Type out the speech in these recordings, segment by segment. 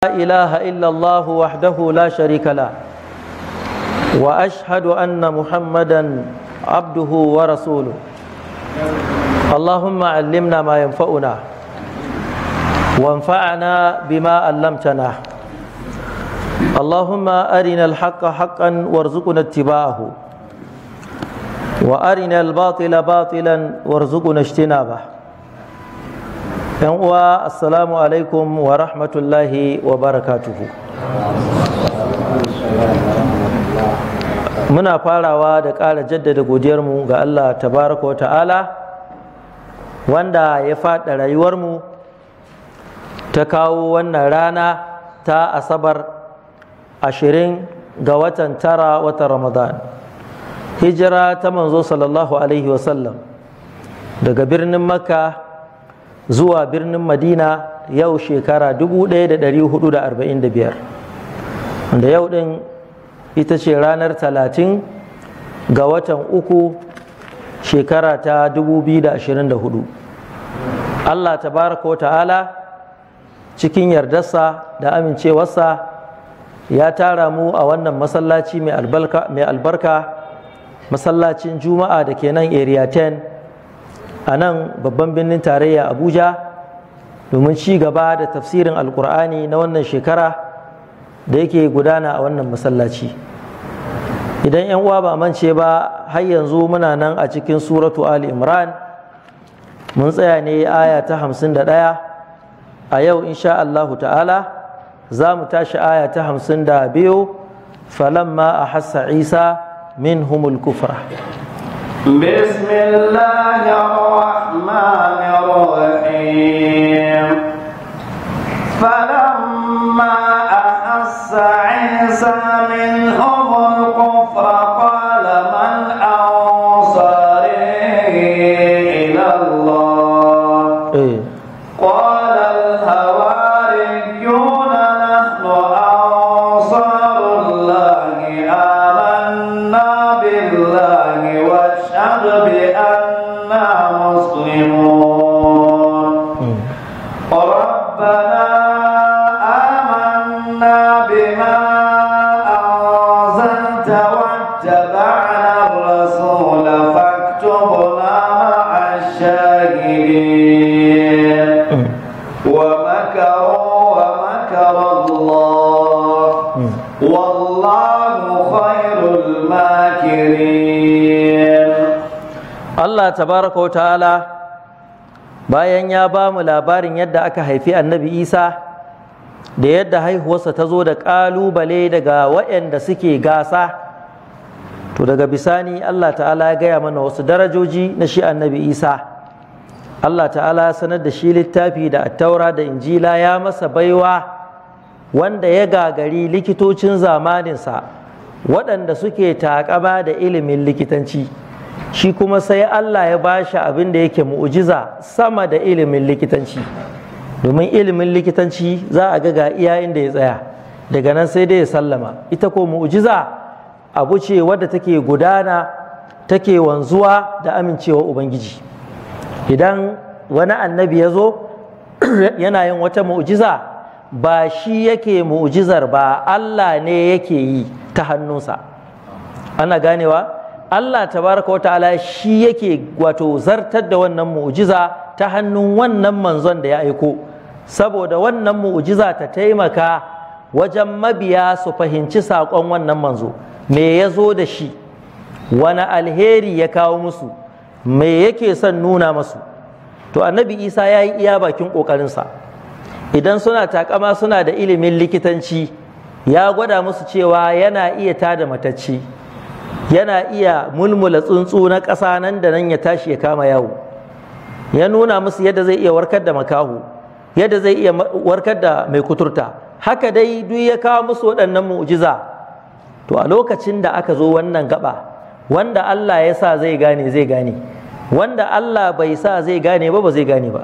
لا إله إلا الله وحده لا شريك له وأشهد أن محمدا عبده ورسوله اللهم علمنا ما ينفعنا وانفعنا بما علمتنا اللهم أرنا الحق حقا وارزقنا اتباعه وأرنا الباطل باطلا وارزقنا اجتنابه yan uwa assalamu alaikum wa rahmatullahi wa barakatuhu muna farawa da ƙara jaddada godiyarmu ga allah tabaraka wa ta'ala wanda ya faɗa rayuwarmu ta kawo wannan rana ta asabar ashirin ga watan tara watan ramadan hijira ta manzo sallallahu alaihi wasallam daga birnin makka zuwa birnin madina yau shekara 1445 wanda yau din ita ce ranar 30 ga watan uku shekara ta 2024 allah ta wa ta'ala cikin yardarsa da amincewarsa ya tara mu a wannan masallaci mai albarka masallacin juma'a da ke nan area 10 a nan babban birnin tarayya abuja domin ci gaba da tafsirin alkur'ani na wannan shekara da yake gudana a wannan masallaci idan 'yan uwa ba mance ba har yanzu muna nan a cikin suratu ali imran mun tsaya ne aya ta hamsin da ɗaya a yau insha Allahu ta'ala za mu tashi aya ta hamsin da biyu falamma a hassa isa min humul kufra بسم الله الرحمن الرحيم فلما أحس عيسى منهم Allah tabaraka wa bayan ya ba mu labarin yadda aka haifi annabi Isa da yadda haihuwarsa ta zo da ƙalubale daga waɗanda suke gasa to daga bisani Allah ta'ala ya gaya mana wasu darajoji na shi annabi Isa Allah ta'ala ya sanar da shi littafi da attaura da injila ya masa baiwa wanda ya gagari likitocin zamaninsa waɗanda suke taƙaba da ilimin likitanci shi kuma sai Allah ya bashi abin da yake mu'ujiza sama da ilimin likitanci domin ilimin likitanci za a ga ga iya inda ya tsaya daga nan sai dai ya sallama ita ko mu'ujiza abu ce wadda take gudana take wanzuwa da amincewa ubangiji idan wani annabi ya zo yana yin wata mu'ujiza ba shi yake mu'ujizar ba Allah ne yake yi ta hannunsa ana ganewa Allah tabaraka wata'ala shi yake wato zartar da wannan mu'jiza ta hannun wannan manzon da ya aiko saboda wannan mu'jiza ta taimaka wajen mabiya su fahimci saƙon wannan manzo me ya zo da shi wani alheri ya kawo musu me yake son nuna musu? to annabi isa ya yi iya bakin ƙoƙarinsa idan suna takama suna da ilimin likitanci ya gwada musu cewa yana iya tada matacci yana iya mulmula tsuntsu na ƙasa nan da nan ya tashi ya kama yawo ya nuna musu yadda zai iya warkar da makahu yadda zai iya warkar da mai kuturta haka dai duk ya kawo musu waɗannan mu'jiza to a lokacin da aka zo wannan gaba wanda Allah ya sa zai gane zai gane wanda Allah bai sa zai gane ba ba zai gane ba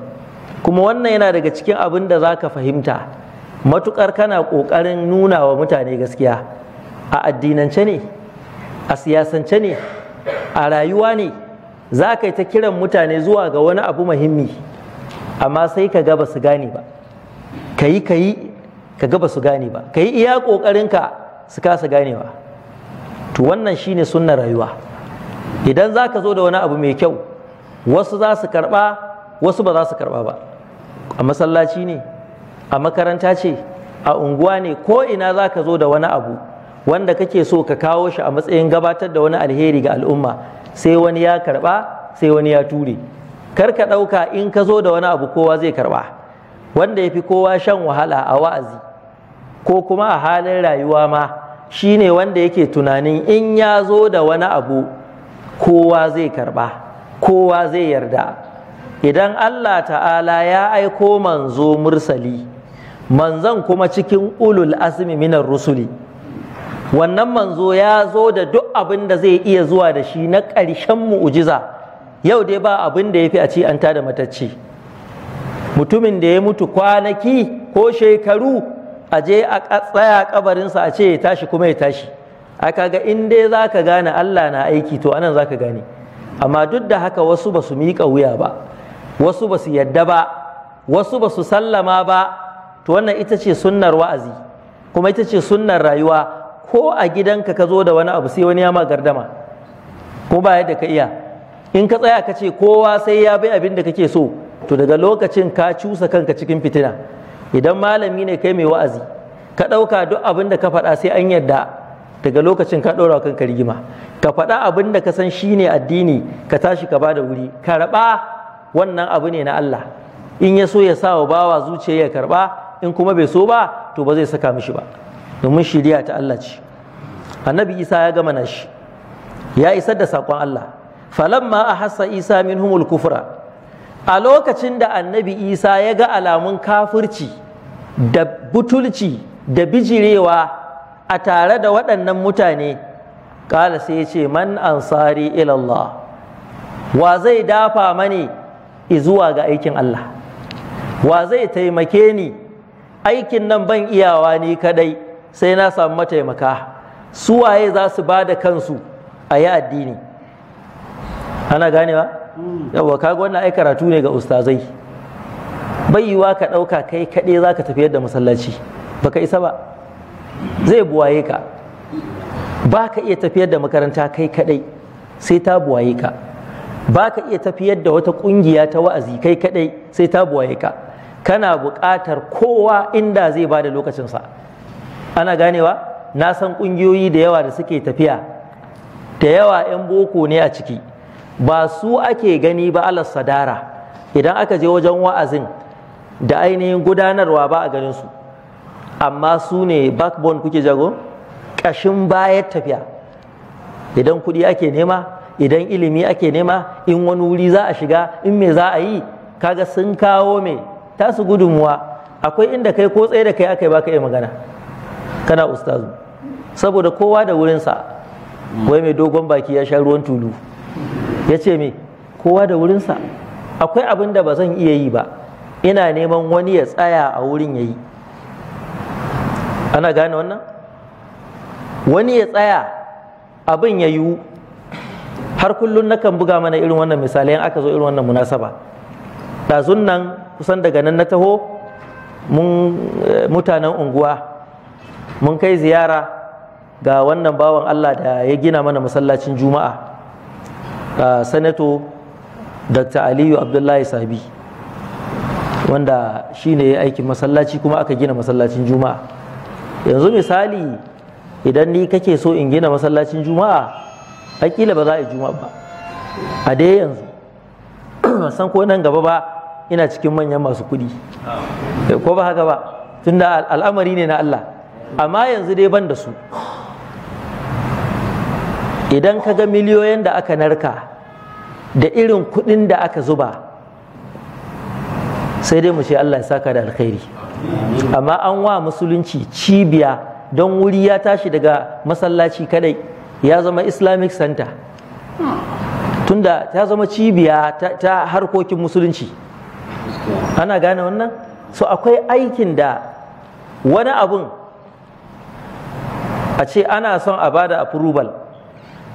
kuma wannan yana daga cikin abin da za ka fahimta matukar kana ƙoƙarin nuna wa mutane gaskiya a addinance ne a siyasance ne a rayuwa ne za ka yi ta kiran mutane zuwa ga wani abu muhimmi amma sai ka ga su gane ba ka yi ka yi ga su gane ba ka yi iya ƙoƙarinka su kasa ganewa to wannan shine sunnar rayuwa idan za ka zo da wani abu mai kyau wasu za su karɓa wasu ba za su karɓa ba a masallaci ne a makaranta ce a unguwa ne ko ina za ka zo da wani abu wanda kake so ka kawo shi a matsayin gabatar da wani alheri ga al'umma sai wani ya karba sai wani ya ture kar ka ɗauka in ka zo da wani abu kowa zai karba wanda ya fi kowa shan wahala a wa'azi ko kuma a halin rayuwa ma shine wanda yake tunanin in ya zo da wani abu kowa zai karba kowa zai yarda idan Allah ta'ala ya aiko manzo mursali manzan kuma cikin ulul azmi minar rusuli wannan manzo ya zo da duk abin da zai iya zuwa da shi na ƙarshen mu'ujiza yau dai ba abin da ya fi a ce an tada matacci mutumin da ya mutu kwanaki ko shekaru a je a tsaya kabarinsa a ce ya tashi kuma ya tashi a kaga in dai za ka gane Allah na aiki to anan za ka gane amma duk da haka wasu ba su miƙa wuya ba wasu ba su yadda ba wasu ba su sallama ba to wannan ita ce sunnar wa'azi kuma ita ce sunnar rayuwa ko a gidanka ka zo da wani abu sai wani ya ma gardama ko ba yadda ka iya in ka tsaya ka ce kowa sai ya bi abin da kake so to daga lokacin ka cusa kanka cikin fitina idan malami ne kai mai wa'azi ka ɗauka duk abin da ka faɗa sai an yadda daga lokacin ka ɗora kanka rigima ka faɗa abin da ka san shi ne addini ka tashi ka bada wuri ka raɓa wannan abu ne na Allah in ya so ya sa wa bawa zuciya ya karɓa in kuma bai so ba to ba zai saka mishi ba domin shirya ta Allah ce annabi isa ya gama nashi ya isar da saƙon Allah falamma ahassa isa humul kufra a lokacin da annabi isa ya ga alamun kafurci, da butulci da bijirewa a tare da waɗannan mutane ƙala sai ya ce man ansari ilallah wa zai dafa mani izuwa ga aikin Allah wa zai taimake ni aikin nan ban iyawa ni kadai sai na samu mataimaka su waye za su ba da kansu a yi addini ana ganewa yawwa kaga wannan ai karatu ne ga ustazai bai ka ɗauka kai kaɗe za ka tafiyar da masallaci baka isa ba zai buwaye ka ba ka iya tafiyar da makaranta kai kaɗai sai ta buwaye ka ba ka iya tafiyar da wata ƙungiya ta wa'azi kai kaɗai sai ta buwaye ka kana buƙatar kowa inda zai ba da lokacinsa ana ganewa na san ƙungiyoyi da yawa da suke tafiya da yawa 'yan boko ne a ciki ba su ake gani ba alas sadara idan aka je wajen wa'azin da ainihin gudanarwa ba a ganin su amma su ne backbone kuke jago ƙashin bayan tafiya idan kuɗi ake nema idan ilimi ake nema in wani wuri za a shiga in me za a yi kaga sun kawo me tasu gudunmuwa akwai inda kai ko tsaye da kai aka yi baka iya magana kana ustazu saboda kowa da wurinsa wai mai dogon baki ya sha ruwan tulu ya ce me kowa da wurinsa akwai abin da ba zan iya yi ba ina neman wani ya tsaya a wurin ya yi ana gane wannan wani ya tsaya abin ya yiwu har kullum nakan buga mana irin wannan misalai aka zo irin wannan munasaba ɗazun nan kusan daga nan na taho eh, mutanen unguwa mun kai ziyara ga wannan bawan Allah da ya gina mana masallacin juma'a sanato dr aliyu abdullahi sabi wanda shi ne aikin masallaci kuma aka gina masallacin juma'a yanzu misali idan ni kake so in gina masallacin juma'a hakila ba za a yi juma'a ba a dai yanzu san ko nan gaba ba ina cikin manyan masu kuɗi eh, ko ba haka ba tunda al'amari ne na Allah amma yanzu dai ban da su idan ka ga miliyoyin da aka narka da irin kuɗin da aka zuba sai dai mu ce Allah ya saka da alkhairi amma an wa musulunci cibiya don wuri ya tashi daga masallaci kadai ya zama islamic center tunda ta zama cibiya ta harkokin musulunci ana gane wannan so akwai aikin da wani abun a ce ana son a bada approval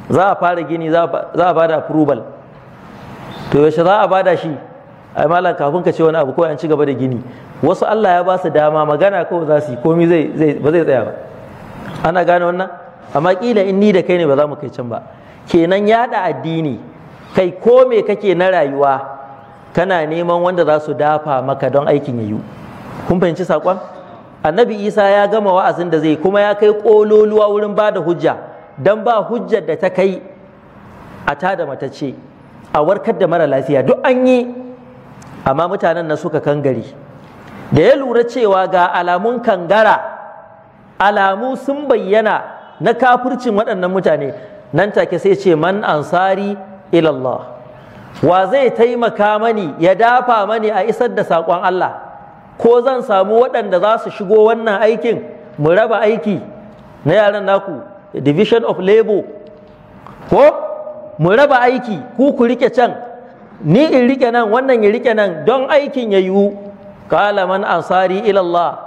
za a fara gini za a bada approval to yaushe za a bada shi ai malam kafin ka ce wani abu ko an ci gaba da gini wasu Allah ya ba su dama magana kawai za su yi komai ba zai tsaya ba ana gane wannan amma kila in ni da kai ne ba za mu kai can ba kenan yada addini kai ko me kake na rayuwa kana neman wanda za su dafa maka don aikin yayu kun fahimci saƙon annabi isa ya gama wa'azin da zai kuma ya kai ƙololuwa wurin ba da hujja don ba hujjar da ta kai a ta da matace a warkar da mara lafiya duk an yi amma mutanen na suka kangare da ya lura cewa ga alamun kangara alamu sun bayyana na kafircin waɗannan mutane nan take sai ce man ansari ilallah wa zai taimaka mani ya dafa mani a isar da saƙon Allah ko zan samu waɗanda za su shigo wannan aikin mu raba aiki na yaran naku division of labor ko mu raba aiki ku ku rike can ni in rike nan wannan ya rike nan don aikin ya yiwu kala man ansari ilallah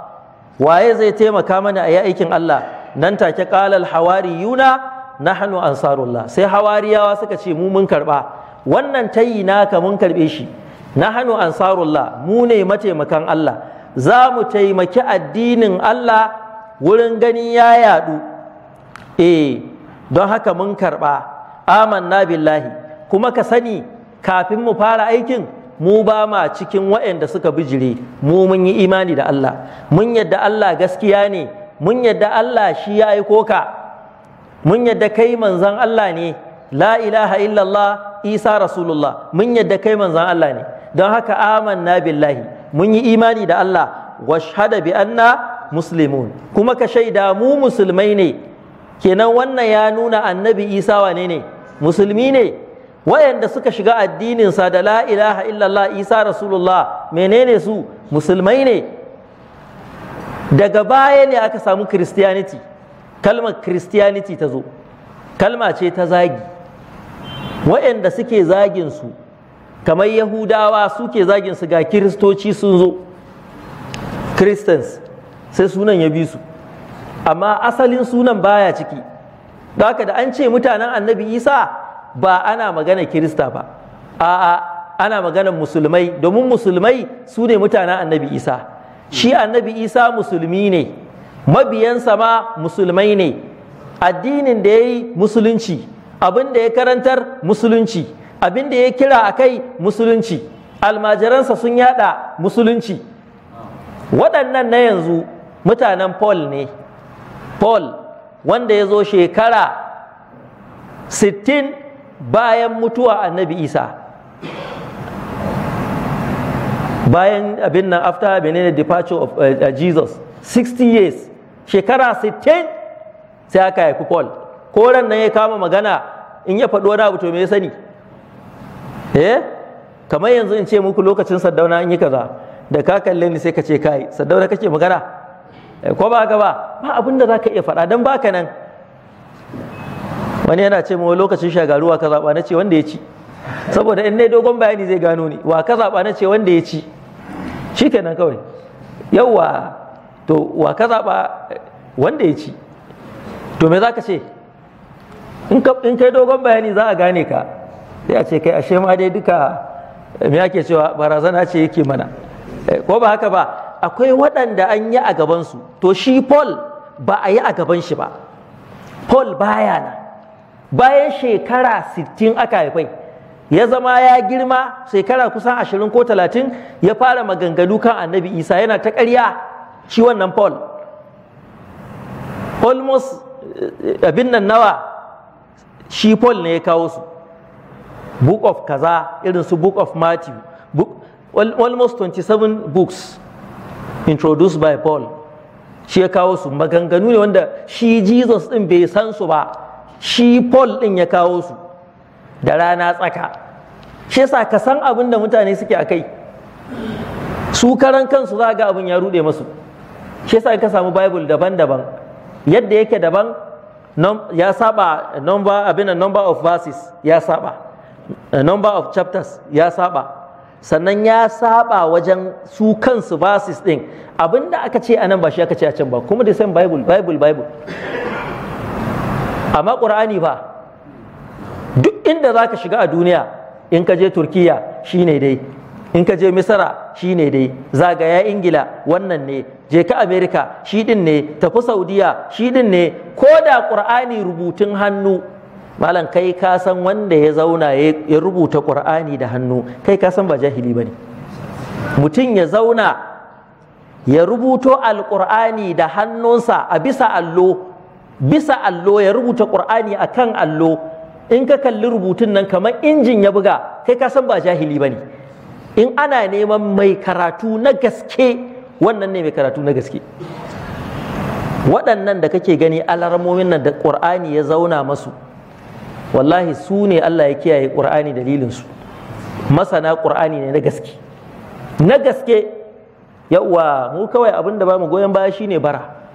waye zai taimaka mana a yi aikin Allah nan take kalal hawari yuna nahnu ansarullah sai hawariyawa suka ce mu mun karba wannan tayi ka mun karbe shi nahanu ansarullah mu ne mataimakan Allah za mu taimaki addinin Allah wurin gani ya yadu eh don haka mun karba amanna billahi kuma ka sani kafin mu fara aikin mu ba ma cikin waɗanda suka bijire mu mun yi imani da Allah mun yadda Allah gaskiya ne mun yadda Allah shi ya aiko ka mun yadda kai manzan Allah ne la ilaha illallah isa rasulullah mun yadda kai manzan Allah ne don haka amanna billahi mun yi imani da Allah washhada bi anna muslimun kuma ka shaida mu musulmai ne kenan wannan ya nuna annabi Isa wane ne musulmi ne wayanda suka shiga addinin sa da la ilaha illallah Isa rasulullah menene su musulmai ne daga baya ne aka samu christianity kalmar christianity ta zo kalma ce ta zagi wayanda suke zagin su kamar yahudawa suke zagin su ga kiristoci sun zo christians sai sunan ya bi su amma asalin sunan baya ciki da haka da an ce mutanen annabi isa ba ana magana kirista ba a'a ana magana musulmai domin musulmai su ne mutanen annabi isa shi annabi isa musulmi ne mabiyansa ma musulmai ne addinin da ya yi musulunci abin da ya karantar musulunci abin da ya kira a kai musulunci almajiransa sun yada musulunci waɗannan na yanzu mutanen paul ne paul wanda ya zo shekara 60 bayan mutuwa annabi isa bayan abin nan after the departure of uh, jesus 60 years shekara 60 sai aka haifi paul ko nan ya kama magana in ya faɗo wani abu to me ya sani eh kamar yanzu in ce muku lokacin saddauna an yi kaza da ka kalle ni sai ka ce kai saddauna kake magana eh, ko ba ka ba ba abin da zaka iya faɗa dan baka nan wani yana ce mu lokacin shagaruwa ka zaba na ce wanda ya ci saboda in ne dogon bayani zai gano ni wa ka zaba na ce wanda ya ci shikenan kawai yawwa to wa ka zaba wanda ya ci to me zaka ce in kai dogon bayani za a gane ka sai a ce kai ashe ma dai duka eh, me ake cewa barazana ce yake mana eh, ko ba haka ba akwai waɗanda an yi a gabansu to shi paul ba a yi a gaban shi ba paul baya na bayan shekara 60 aka haifai ya zama ya girma shekara kusan 20 ko 30 ya fara maganganu kan annabi isa yana ta ƙarya shi wannan paul almost eh, abin nan nawa shi paul ne ya kawo su book of kaza irin su book of matthew book, almost 27 books introduced by paul shi ya kawo su maganganu ne wanda shi jesus din bai san su ba shi paul din ya kawo su da rana tsaka shi yasa ka san abin da mutane suke a kai su karan kansu za a ga abin ya rude masu shi yasa ka samu bible daban-daban yadda yake daban ya saba number abin number of verses ya saba number of chapters ya saba sannan ya saba wajen su kansu verses din abinda aka ce nan ba shi aka ce a can ba kuma da san bible bible bible amma qur'ani ba duk inda zaka shiga a duniya in ka je turkiya shine dai in ka je misira shi ne dai zagaya ingila wannan ne je ka amerika shi din ne tafi saudiya shi din ne ko da ƙur'ani rubutun hannu malam kai ka san wanda ya zauna ya rubuta qur'ani da hannu kai ka san ba jahili bane mutum ya zauna ya rubuto Alƙur'ani da hannunsa a bisa allo bisa allo ya rubuta qur'ani akan allo in ka kalli rubutun nan kamar injin ya buga kai ka san ba jahili bane in ana neman mai karatu na gaske wannan ne mai karatu na gaske waɗannan da kake gani alarmomin nan da ƙur'ani ya zauna masu wallahi su ne Allah ya kiyaye ƙur'ani dalilin su masana ƙur'ani ne na gaske na gaske yawa mu kawai abin da ba goyon baya shine bara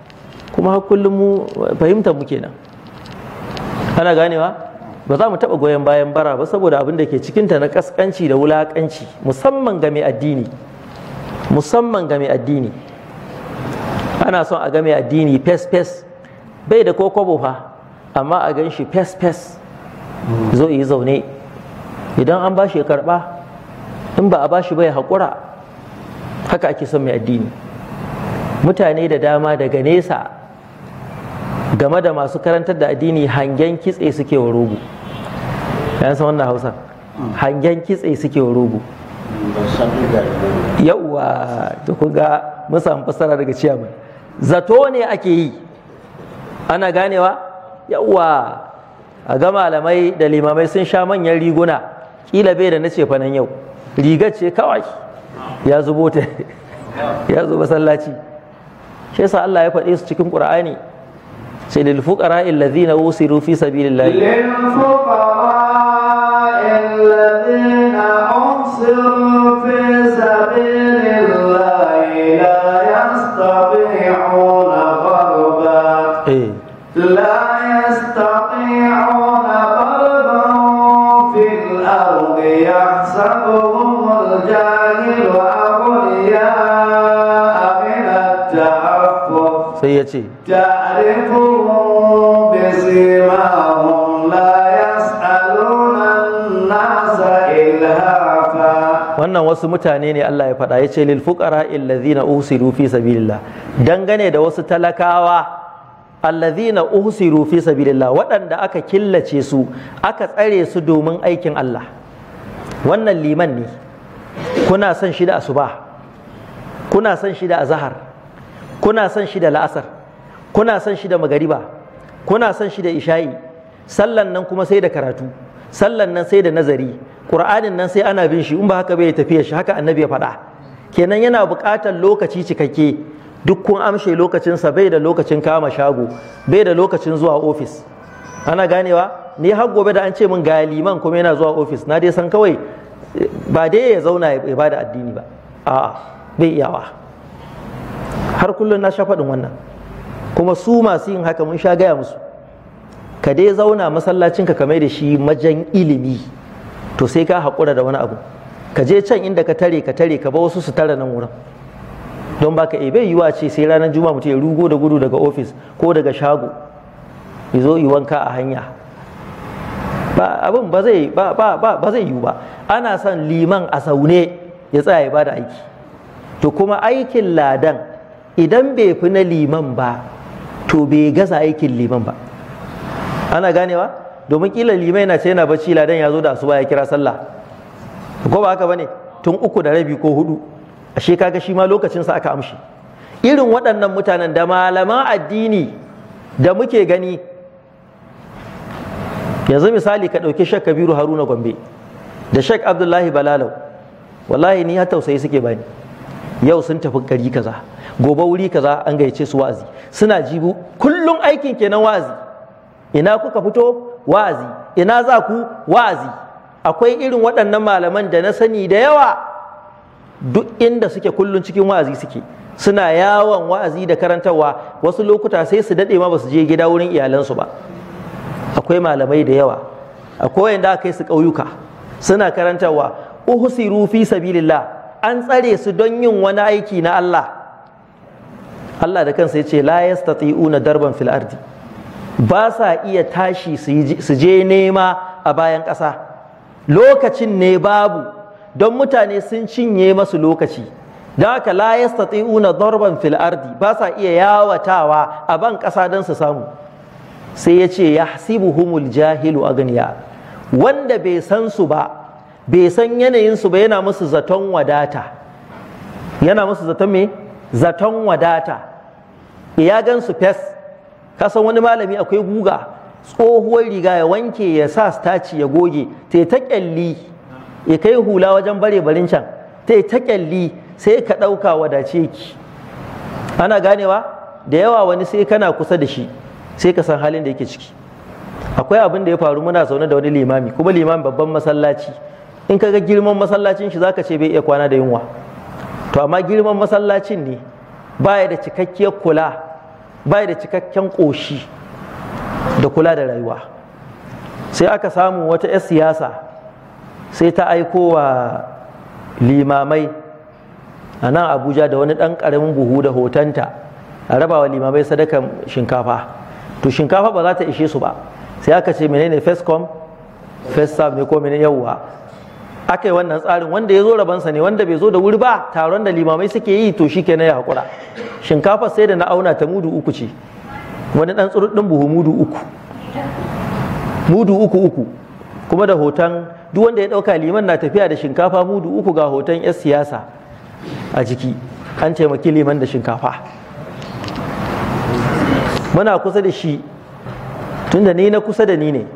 kuma har kullum mu fahimtar mu kenan ana ganewa ba za mu taɓa goyon bayan bara ba saboda abin da ke cikinta na ƙasƙanci da wulaƙanci musamman ga mai addini musamman ga mai addini ana son a ga mai addini fes fes bai da ko kwabo fa amma a gan shi fes fes zo yi zaune idan an bashi ya karba in ba a bashi ba ya haƙura haka ake son mai addini mutane da dama daga nesa game da masu karantar da addini hangen kitse suke wa rogo yan san wannan hausa hangen kitse suke wa rogo yauwa to kun ga fassara daga ciyaman zato ne ake yi ana ganewa yauwa a ga malamai da limamai sun sha manyan riguna kila bai da na ce fanan yau riga ce kawai ya zubo ta ya sallaci shi yasa Allah ya faɗe su cikin Qur'ani sai lil fuqara alladhina usiru fi sabilillah lil ya ce wannan wasu mutane ne Allah ya faɗa ya ce lil fuƙara illazina usiru fi sabilillah dangane da wasu talakawa allazina usiru fi sabilillah waɗanda aka killace su aka tsare su domin aikin Allah wannan liman ne kuna son shi da asuba kuna son shi da azhar kuna son shi da la'asar kuna son shi da magariba kuna son shi da isha'i sallan nan kuma sai da karatu sallan nan sai da nazari qur'anin nan sai ana bin shi in ba haka bai tafiya shi haka annabi ya faɗa kenan yana buƙatar lokaci cikakke duk kun amshe lokacinsa bai da lokacin kama shago bai da lokacin zuwa ofis ana ganewa ni har gobe da an ce min ga liman kuma yana zuwa ofis na dai san kawai ba dai ya zauna ya bada addini ba a'a bai iyawa har kullum na sha faɗin wannan kuma su masu yin haka mun sha gaya musu ka dai zauna masallacin ka mai da shi majan ilimi to sai ka haƙura da wani abu ka je can inda ka tare ka tare ka ba wasu su tara nan wurin don baka e eh, bai yiwa ce sai ranar juma'a mutum ya rugo da gudu daga ofis ko daga shago ya zo yi wanka a hanya ba abin ba zai ba ba ba zai yiwu ba ana son liman a saune ya tsaya ya bada aiki to kuma aikin ladan idan bai fi na liman ba to bai gaza aikin liman ba ana ganewa domin kila limai na ce yana bacci ladan ya zo da asuba ya kira sallah ko ba haka bane tun uku da rabi ko hudu ashe kaga shi ma lokacin sa aka amshi irin waɗannan mutanen da malaman addini da muke gani yanzu misali ka ɗauki shek kabiru haruna gombe da shek abdullahi balalau wallahi ni har tausayi suke bani yau sun tafi gari kaza gobe wuri kaza an gayyace su wa'azi suna jibu kullum aikin kenan wa'azi ina kuka fito wa'azi ina za ku wa'azi akwai irin waɗannan malaman da na sani da yawa duk inda suke kullum cikin wa'azi suke suna yawon wa'azi da karantarwa wasu lokuta sai su daɗe ma ba su je gida wurin iyalansu ba akwai malamai da yawa akwai wanda aka kai su ƙauyuka suna karantarwa uhusiru fi sabilillah an tsare su don yin wani aiki na Allah Allah da kansa ya yace la yastati'una darban fil ardi ba sa iya tashi su je nema a bayan ƙasa lokacin ne babu don mutane sun cinye masu lokaci da haka la yastati'una darban fil ardi ba sa iya yawatawa a ban ƙasa don su samu sai ya ce yahsibuhumul jahilu aganiya wanda bai san su ba bai san yanayin su ba yana musu zaton wadata yana musu zaton me zaton wadata ya gan su fes kasan wani malami akwai guga tsohuwar riga ya wanke ya sa staci ya goge ta ta kyalli ya kai hula wajen bare barin can ta ta kyalli sai ka ɗauka wadace ki ana ganewa da yawa wani sai kana kusa da shi sai ka san halin da yake ciki akwai abin da ya faru muna zaune da wani limami kuma limami babban masallaci in ka ga girman masallacin shi zaka ce bai iya kwana da yunwa to amma girman masallacin ne baya da cikakkiyar kula bai da cikakken ƙoshi da kula da rayuwa sai aka samu wata 'yar siyasa sai ta aiko wa limamai a nan abuja da wani ɗan ƙaramin buhu da hotonta a raba wa limamai sadakan shinkafa to shinkafa ba za ta ishe su ba sai aka ce menene first come first serve ne ko menene yawwa aka yi wannan tsarin wanda ya zo rabansa ne wanda bai zo da wuri ba taron da limamai suke yi to shi kenan ya haƙura shinkafa sai da na auna ta mudu uku ce wani ɗan tsurudin buhu mudu uku mudu uku uku kuma da hoton duk wanda ya ɗauka liman na tafiya da shinkafa mudu uku ga hoton 'yan siyasa a jiki an taimaki liman da shinkafa muna kusa da shi tunda ni na kusa da ni ne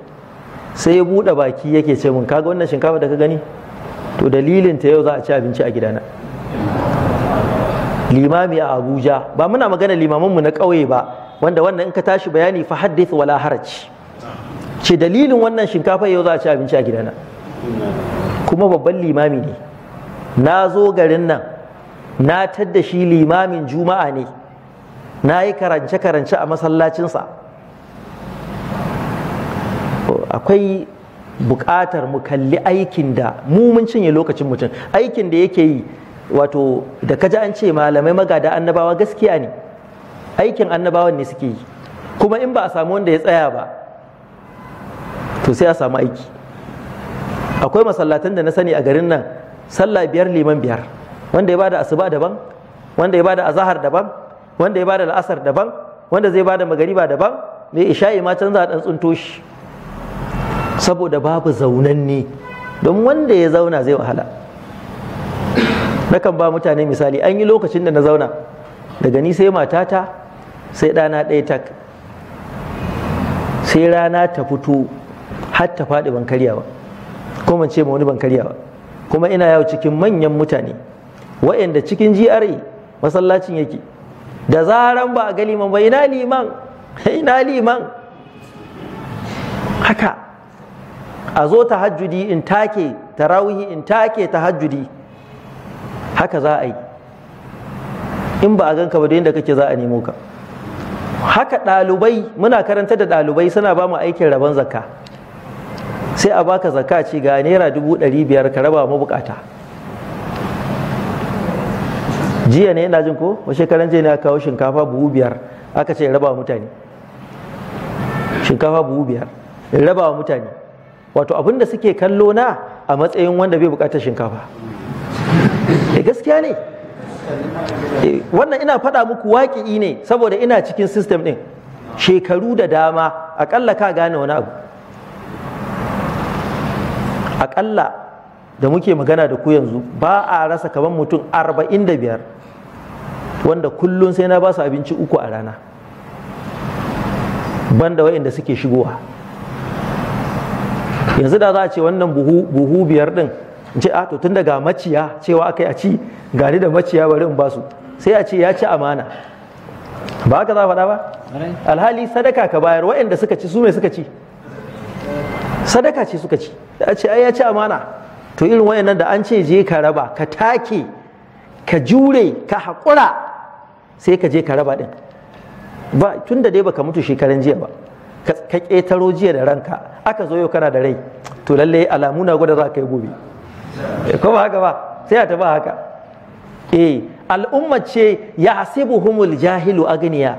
sai ya buɗe baki yake ce mun kaga wannan shinkafa da ka gani to dalilinta ta yau za a ci abinci a gidana limami a abuja ba muna magana limaminmu na ƙauye ba wanda wannan in ka tashi bayani fa haddith wala haraj ce dalilin wannan shinkafa yau za a ci abinci a gidana kuma babban limami ne na zo garin nan na tadda shi limamin juma'a ne na yi karance-karance a masallacinsa akwai buƙatar mu kalli aikin da mu mun cinye lokacin mutum aikin da yake yi wato da kaji an ce malamai magada annabawa gaskiya ne aikin annabawan ne suke yi kuma in ba a samu wanda ya tsaya ba to sai a samu aiki akwai masallatan da na sani a garin nan sallah biyar liman biyar wanda ya bada asuba daban wanda ya bada azahar daban wanda ya bada al'asar daban wanda zai bada magariba daban mai isha'i ma canza a dan tsunto shi saboda babu zaunanni don wanda ya zauna zai wahala nakan ba mutane misali an yi lokacin da na zauna daga ni sai matata sai ɗana ɗaya tak sai rana ta fito har ta faɗi ban karya ba kuma ce ma wani ban kuma ina yau cikin manyan mutane wa'anda cikin GRA masallacin yake da zaran ba a ga liman ba ina liman ina liman haka a zo hajjudi in take tarawihi in take ta hajjudi. haka za a yi in ba a ganka ba da yadda kake za a nemo ka haka ɗalibai muna karanta da ɗalibai suna ba mu aikin rabon zakka sai a baka zakka ce ga naira dubu ɗari biyar ka raba mabukata jiya ne ina jin ko wa shekaran ne aka kawo shinkafa buhu biyar aka ce raba mutane shinkafa buhu biyar raba mutane wato abin da suke kallo na a matsayin wanda bai bukatar shinkafa e gaskiya ne eh, wannan ina faɗa muku waƙi'i ne saboda ina cikin system ɗin shekaru da dama aƙalla ka gane wani abu aƙalla da muke magana da ku yanzu ba a rasa kamar mutum arba'in da biyar wanda kullum sai na ba su abinci uku a rana banda waɗanda suke shigowa yanzu da za a ce wannan buhu biyar din in ce ah, to tun daga maciya cewa akai a ci gani da maciya bari in basu sai a ce ya ci amana ba haka za a faɗa ba alhali sadaka ka bayar waɗanda suka ci su mai suka ci sadaka ce suka ci a ce ai ya ci amana to irin waɗannan da an ce je ka raba ka take ka jure ka haƙura sai ka je ka raba ɗin ba tun da dai baka mutu shekaran jiya ba ka ƙetaro jiya da ranka aka zo yau kana da rai to lalle alamu na gwada za ka yi gobe ko ba haka ba sai a taba haka eh al'umma ce ya humul jahilu agniya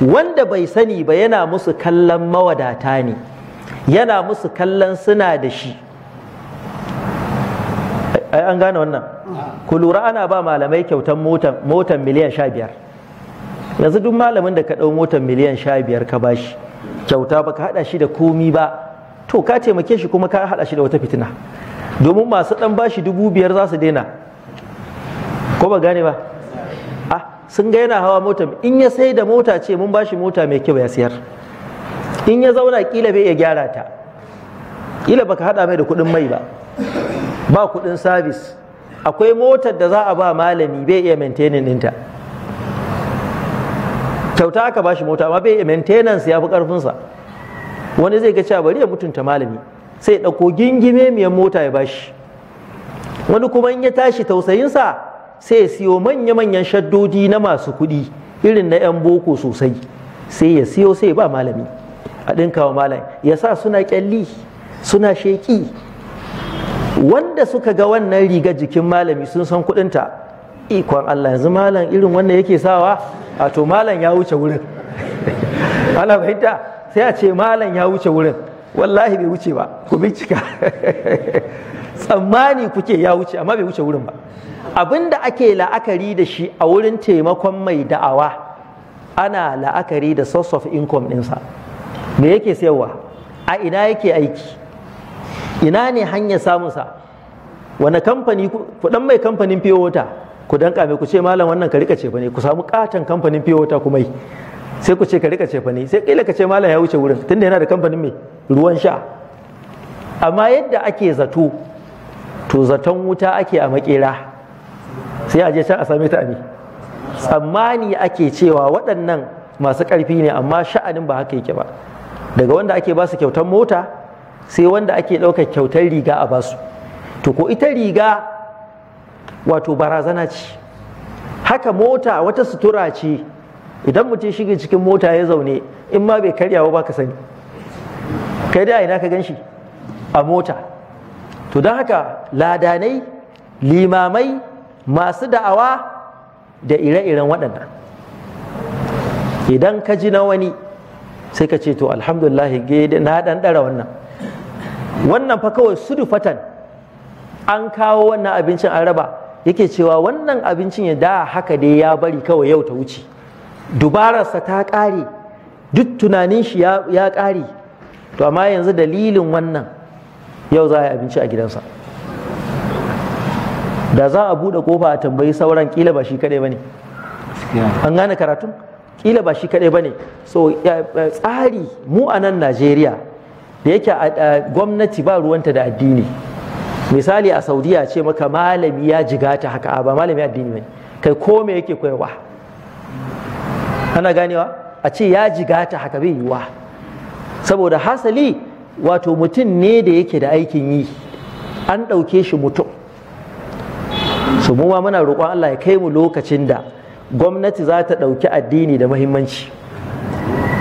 wanda bai sani ba yana musu kallon mawadata ne yana musu kallon suna da shi ai an gane wannan ku lura ana ba malamai kyautan motan miliyan sha biyar yanzu duk malamin da ka ɗau motan miliyan sha biyar ka bashi kyauta ba ka haɗa shi da komi ba to ka taimake shi kuma ka haɗa shi da wata fitina domin masu ɗan bashi dubu biyar za su daina ko ba gane ba ah sun ga yana hawa mota in ya sai da mota ce mun bashi mota mai kyau ya siyar in ya zauna kila bai iya gyara ta kila baka haɗa mai da kuɗin mai ba ba kuɗin sabis akwai motar da za a ba malami bai iya maintaining ɗinta kyauta aka bashi mota ma bai maintenance ya fi karfinsa wani zai ga cewa bari ya mutunta malami sai ya ɗauko gingime miyan mota ya bashi wani kuma in ya tashi tausayinsa sai ya siyo manya-manyan shaddodi na masu kuɗi irin na 'yan boko sosai sai ya siyo sai ba malami a ɗinka wa malami ya sa suna ƙyalli suna sheƙi wanda suka ga wannan riga jikin malami sun san kuɗinta ikon Allah yanzu malam irin wanda yake sawa a to malam ya wuce wurin ana fahimta sai a ce malam ya wuce wurin wallahi bai wuce ba ku bincika tsammani kuke ya wuce amma bai wuce wurin ba da ake la'akari da shi a wurin taimakon mai da'awa ana la'akari da source of income ɗinsa me yake sayarwa a ina yake aiki ina ne hanyar samunsa wani kamfani kudan mai kamfanin fiye wata ku danka mai ku ce malam wannan ka rika cefa ku samu katon kamfanin fiye wata kuma yi sai ku ce ka rika cefa sai kila ka ce malam ya wuce wurin tunda yana da kamfanin mai ruwan sha amma yadda ake zato to zaton wuta ake a makera sai a je can a same ta ne tsammani ake cewa waɗannan masu ƙarfi ne amma sha'anin ba haka yake ba daga wanda ake basu kyautar mota sai wanda ake ɗaukar kyautar riga a basu to ko ita riga wato barazana ce haka mota wata sutura ce idan mutum shiga cikin mota ya zaune in ma bai karya ba ka sani kai da ina ka gan shi a mota to don haka ladanai limamai masu da'awa da ire-iren waɗannan idan ka ji na wani sai ka ce to alhamdulillah na ɗan ɗara wannan wannan fa kawai fatan an kawo wannan abincin an raba yake cewa wannan abincin ya da haka dai ya bari kawai yau ta wuce dubararsa ta ƙare duk tunanin shi ya kare to amma yanzu dalilin wannan yau za a yi abinci a gidansa da za a buɗe kofa a tambayi sauran kila ba shi kaɗai ba ne an gane karatun kila ba shi kaɗai ba ne so tsari mu a nan najeriya da yake gwamnati ba ruwanta da addini misali a saudiya ce maka malami ya jigata haka ba malami addini ne kai ko me yake koyarwa ana ganewa a ce ya ta haka bai yiwa saboda hasali wato mutum ne da yake da aikin yi an ɗauke shi mutum su muma muna roƙon Allah ya kai mu lokacin da gwamnati za ta ɗauki addini da mahimmanci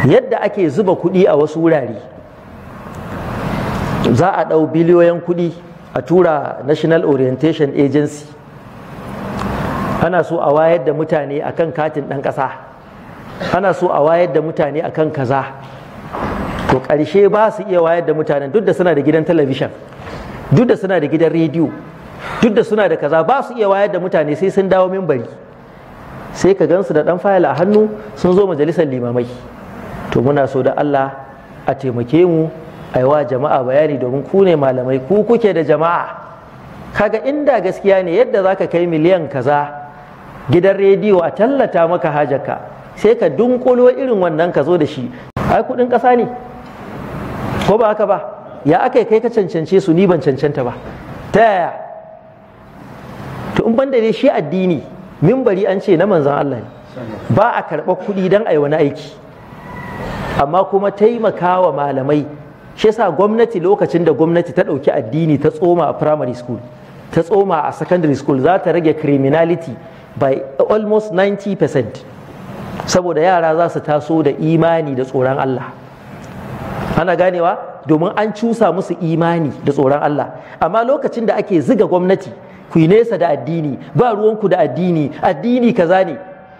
yadda ake zuba kuɗi a wasu wurare za a ɗau biliyoyin kuɗi a tura national orientation agency ana so a wayar da mutane a kan katin ɗan ƙasa ana so a wayar da mutane a kan kaza to ƙarshe ba su iya wayar da mutanen duk da suna da gidan talabishin duk da suna da gidan rediyo duk da suna da kaza ba su iya wayar da mutane sai sun dawo mimbari sai ka gansu da ɗan fayil a hannu sun zo majalisar limamai to muna so da Allah a taimake mu aiwa jama'a bayani domin ku ne malamai ku kuke da jama'a kaga inda gaskiya ne yadda zaka kai miliyan kaza gidan rediyo a tallata maka hajarka sai ka dunkulo irin wannan ka zo da shi ai kudin kasa ne ko ba haka ba ya aka kai ka cancance su ni ban cancanta ba ta yaya to in banda dai shi addini mimbari an ce na manzan Allah ne ba a karɓar kuɗi don a yi wani aiki amma kuma taimakawa malamai shi yasa gwamnati lokacin da gwamnati ta ɗauki addini ta tsoma a primary school ta tsoma a secondary school za ta rage criminality by almost 90% saboda yara za su taso da imani da tsoron Allah ana ganewa domin an cusa musu imani da tsoron Allah amma lokacin da ake ziga gwamnati ku yi nesa da addini ba ruwanku da addini addini kaza ne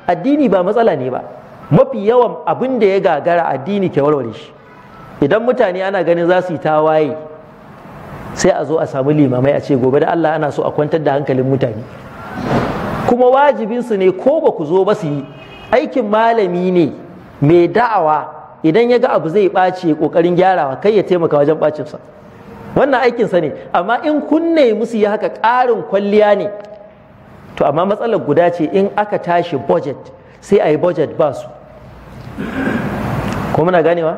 addini ba matsala ne ba mafi yawan abin da ya gagara addini ke warware shi idan mutane ana ganin za su yi tawaye sai a zo a samu limamai a ce gobe da Allah ana so a kwantar da hankalin mutane kuma wajibinsu ne ko ba ku zo ba su yi aikin malami ne mai da'awa idan ya ga abu zai ɓaci ƙoƙarin gyarawa kai ya taimaka wajen sa. wannan aikinsa ne amma in kunne musu yi haka ƙarin kwalliya ne to amma matsalar guda ce in aka tashi budget sai a yi budget ba su ko muna ganewa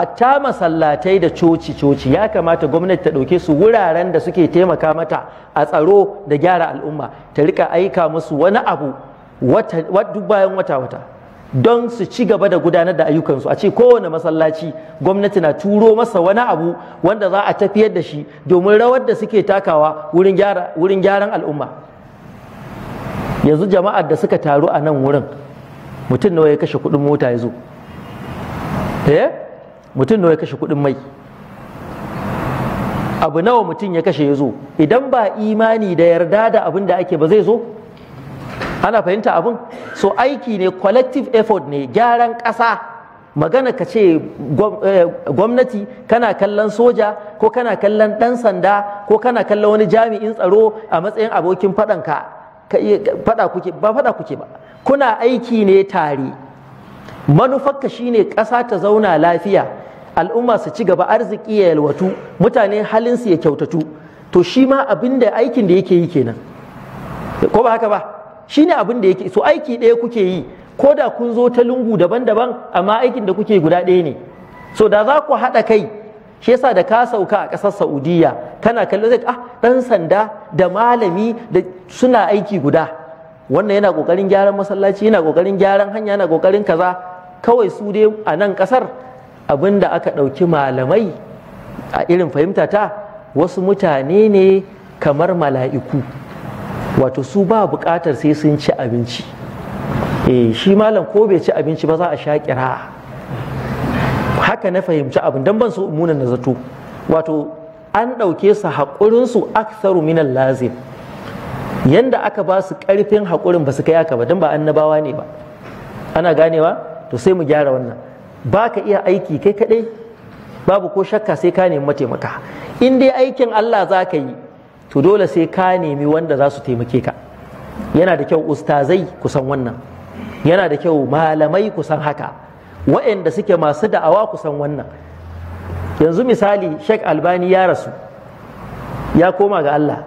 hatta masallatai da coci-coci ya kamata gwamnati ta ɗauke su wuraren da suke taimaka mata a tsaro da gyara al'umma ta rika aika musu wani abu duk bayan wata-wata don su ci gaba da gudanar da ayyukansu a ce kowane masallaci gwamnati na turo masa wani abu wanda za a tafiyar da shi domin rawar da suke takawa wurin gyaran al'umma yanzu jama'ar da suka taru a nan wurin mutum nawa ya kashe kuɗin mota ya zo eh? mutum nawa ya kashe kuɗin mai abu nawa mutum ya kashe ya zo idan ba imani da yarda da abin da ake ba zai zo ana fahimta abin so aiki ne collective effort ne gyaran ƙasa magana ka ce eh, gwamnati kana kallon soja ko kana kallon ɗan sanda ko kana kallon wani jami'in tsaro a matsayin abokin faɗanka ba faɗa kuke ba kuna aiki ne tare manufarka ne ƙasa ta zauna lafiya al'umma su ci gaba arziki ya yalwatu mutane halinsu ya kyautatu to shi ma abin da aikin da yake yi kenan ko ba haka ba shi ne abin da yake so aiki ɗaya kuke yi ko da kun zo ta lungu daban-daban amma aikin da kuke guda ɗaya ne so da za ku haɗa kai shi yasa da ka sauka a ƙasar saudiya kana kallon zai ah ɗan sanda da malami da suna aiki guda wannan yana kokarin gyaran masallaci yana kokarin gyaran hanya yana kokarin kaza kawai su dai a nan kasar abinda aka ɗauki malamai a irin fahimta ta wasu mutane ne kamar mala'iku wato su ba buƙatar sai sun ci abinci E, shi malam ko bai ci abinci ba za a sha kira haka na fahimci abin dan ban so munan na zato wato an ɗauke su haƙurinsu aksaru minal lazim yanda aka ba su ƙarfin haƙurin ba su kai aka ba don ba annabawa ne ba ana ganewa to sai mu gyara wannan Baka iya aiki kai kaɗai babu ko shakka sai ka nemi mataimaka in dai aikin Allah za ka yi to dole sai ka nemi wanda za su taimake ka yana da kyau ustazai kusan wannan yana da kyau malamai kusan haka waɗanda suke masu da'awa kusan wannan yanzu misali sheikh albani ya rasu ya koma ga Allah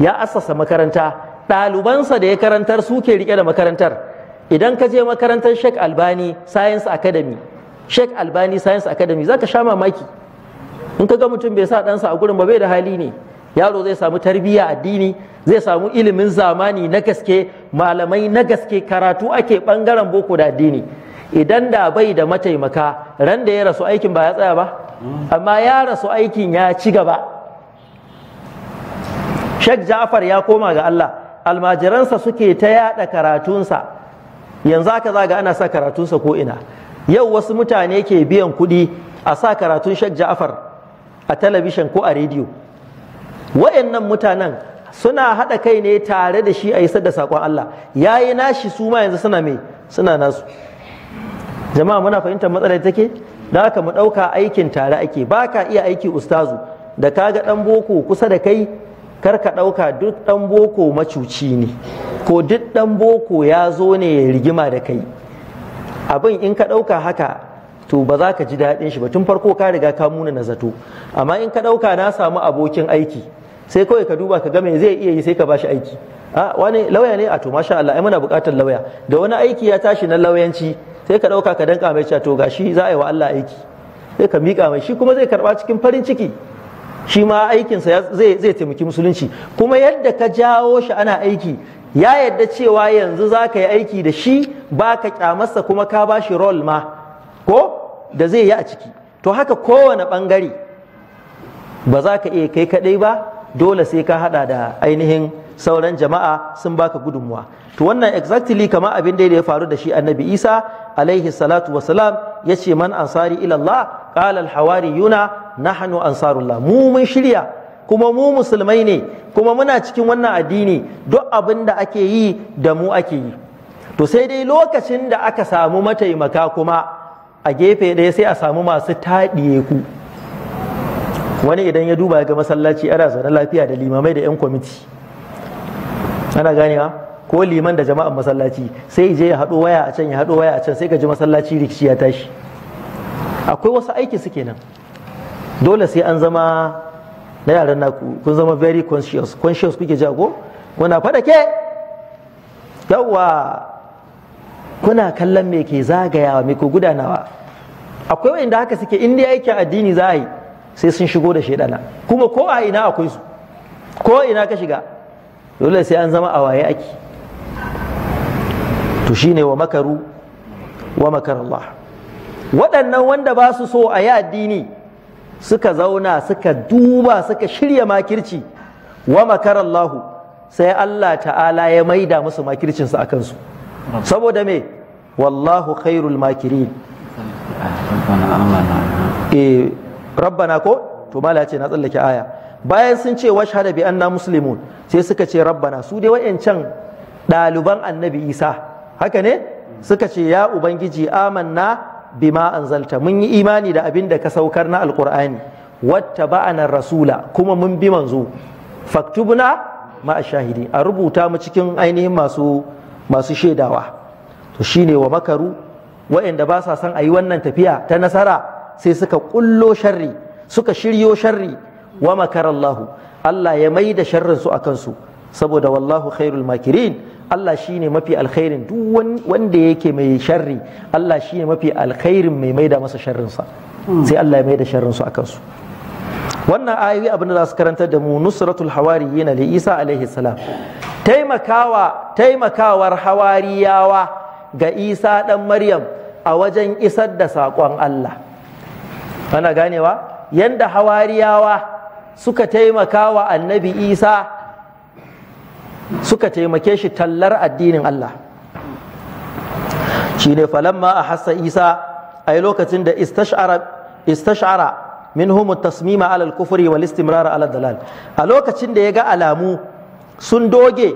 ya asasa makaranta ɗalibansa da ya karantar suke rike da makarantar idan ka je makarantar Sheikh Albani Science Academy Sheikh Albani Science Academy zaka sha mamaki in ka ga mutum bai sa ɗansa a gurin ba bai da hali ne yaro zai samu tarbiyya addini zai samu ilimin zamani na gaske malamai na gaske karatu ake bangaren boko da addini idan da bai da mataimaka ran da ya rasu aikin ba ya tsaya ba amma ya rasu aikin ya ci gaba Sheikh Ja'far ya koma ga Allah almajiransa suke ta yada karatunsa yanzu aka zaga ana sa karatunsa ko ina yau wasu mutane ke biyan kuɗi a sa karatun Sheikh Ja'far a talabishin ko a rediyo wayannan mutanen suna haɗa kai ne tare da shi a isar da saƙon Allah ya yi nashi su ma yanzu suna mai suna nasu jama'a muna fahimtar matsalar take da haka mu ɗauka aikin tare ake ba ka iya aiki ustazu da kaga ɗan boko kusa da kai kar ka ɗauka duk ɗan boko macuci ne ko duk ɗan boko ya zo ne ya rigima da kai abin in ka ɗauka haka to ba za ka ji daɗin shi ba tun farko ka riga ka muna na zato amma in ka ɗauka na samu abokin aiki sai kawai ka duba ka ga me zai iya yi sai ka bashi aiki a wani lauya ne a to masha Allah ai muna buƙatar lauya da wani aiki ya tashi na lauyanci sai ka ɗauka ka danka mai to gashi za a yi wa Allah aiki sai ka miƙa mai shi kuma zai karɓa cikin farin ciki shi ma aikinsa zai taimaki musulunci kuma yadda ka jawo shi ana aiki ya yadda cewa yanzu za ka yi aiki da shi ba ka kyamarsa kuma ka ba shi rol ma ko da zai yi a ciki to haka kowane ɓangare ba za ka iya kai kaɗai ba dole sai ka haɗa da ainihin sauran jama'a sun baka gudunmuwa to wannan exactly kamar abin da ya faru da shi annabi isa alaihi salatu wasalam ya ce man ansari ilallah qala alhawariyuna nahnu ansarullah mu mun shirya kuma mu musulmai ne kuma muna cikin wannan addini duk abin da ake yi da mu ake yi to sai dai lokacin da aka samu mataimaka kuma a gefe ɗaya sai a samu masu taɗiye wani idan ya duba ya ga masallaci ana zaune lafiya da limamai da 'yan kwamiti ana ganewa ko liman da jama'an masallaci sai je ya haɗo waya a can ya haɗo waya a can sai ka ji masallaci rikici ya tashi akwai wasu aiki suke nan dole sai an zama na yaran naku kun zama very conscious conscious kuke jago kuna faɗa ke yawwa kuna kallon me ke zagayawa me ko gudanawa akwai wanda haka suke in dai aikin addini za a yi sai sun shigo da shaidana kuma ko a ina akwai su ko ina ka shiga dole sai an zama a waye ake to shine wa makaru wa makar Allah waɗannan wanda ba su so a yi addini suka zauna suka duba suka shirya makirci wa makar Allah sai Allah ta'ala ya maida musu makircinsu a kansu saboda me wallahu khairul makirin E rabbana ko to mala ce na tsallake aya bayan sun ce washhada bi anna muslimun sai suka ce rabbana su dai wa'ancan ɗaliban annabi isa haka ne suka ce ya ubangiji amanna bima anzalta mun yi imani da abin da ka saukar na Alkur'ani watta ba'ana rasula kuma mun bi manzo faktubna ma shahidi a rubuta mu cikin ainihin masu masu shaidawa to shine wa makaru wa'anda ba sa son a yi wannan tafiya ta nasara sai suka kullo sharri suka shiryo sharri wa makarallahu Allah ya mai da sharrin su a kansu saboda wallahu khairul makirin Allah shine mafi alkhairin duk wanda yake mai sharri Allah shine mafi alkhairin mai maida masa sharrinsa hmm. sai Allah ya maida sharrin su akan wannan ayoyi abin da za su karanta da mu nusratul hawariyina li Isa alaihi salam taimakawa taimakawar hawariyawa ga Isa dan Maryam a wajen isar da sakon Allah ana ganewa yanda hawariyawa suka taimakawa annabi Isa suka taimake shi tallar addinin Allah shi ne falamma a hassa isa a yi lokacin da istashara minhum tasmima alal kufuri wal istimrara alal dalal a lokacin da ya ga alamu sun doge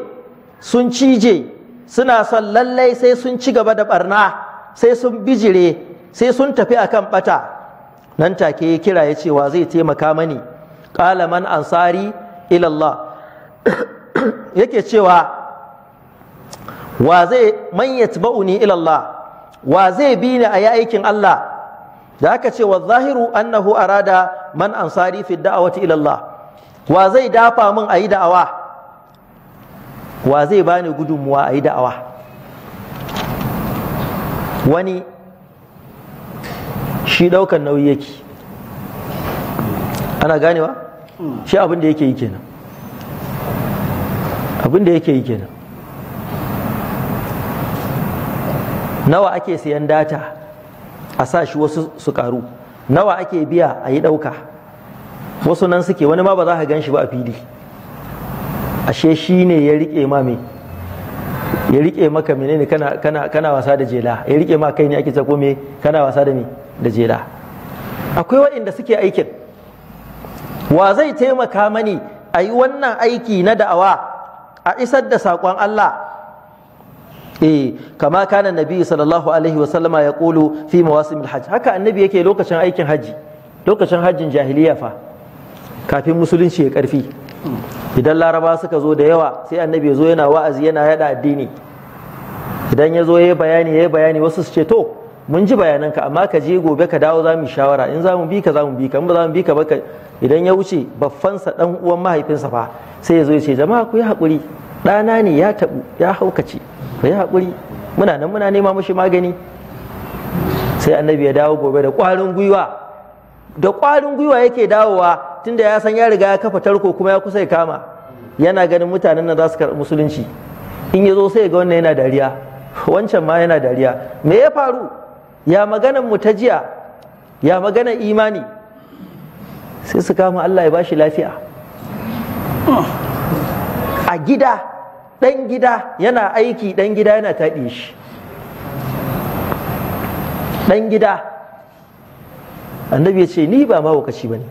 sun cije suna son lallai sai sun ci gaba da barna sai sun bijire sai sun tafi a kan bata nan take ya kira ya cewa zai taimaka mani ƙalaman ansari ilallah yake cewa wa zai man yatba'uni ila Allah wa zai bi ni a yi aikin Allah da aka ce wa zahiru annahu arada man ansari fi da'awati ila Allah wa zai dafa min ayi da'awa wa zai bani gudunmuwa ayi da'awa wani shi daukan nauyi yake ana ganewa hmm. shi abin da yake yi kenan abin da yake yi kenan nawa ake siyan data a sa shi wasu su karu nawa ake biya a yi ɗauka wasu nan suke wani ma ba za ka gan shi ba a fili ashe shi ne ya riƙe ma me ya riƙe maka menene kana kana kana wasa da jela ya riƙe ma kai ne ake ko me kana wasa da me da jela akwai waɗanda suke aikin wa zai taimaka mani a yi wannan aiki na da'awa a isar da saƙon Allah eh kama kana nabi sallallahu alaihi wa sallama ya kulu fi mawasimil hajj haka annabi yake lokacin aikin haji lokacin hajjin jahiliya fa kafin musulunci ya karfi idan laraba suka zo da yawa sai annabi ya zo yana wa'azi yana yada addini idan ya zo ya bayani ya bayani wasu su ce to mun ji bayananka amma ka je gobe ka dawo za mu shawara in za mu bi ka za mu bi ka in ba za mu bi ka ba idan ya wuce baffansa dan uwan mahaifinsa fa sai ya zo ya ce jama'a ku yi haƙuri ɗana ne ya taɓu ya haukace ku yi haƙuri muna nan muna nema mashi magani sai annabi ya dawo gobe da ƙwarin gwiwa da ƙwarin gwiwa yake dawowa tunda ya san ya riga ya kafa tarko kuma ya kusa ya kama yana ganin mutanen nan za su karɓi musulunci in ya zo sai ya ga wannan yana dariya wancan ma yana dariya me ya faru ya maganan mu ta jiya ya maganan imani sai su kama Allah ya ba shi lafiya a gida ɗan gida yana aiki ɗan gida yana taɗe shi ɗan gida annabi ya ce ni ba mawakaci ba ne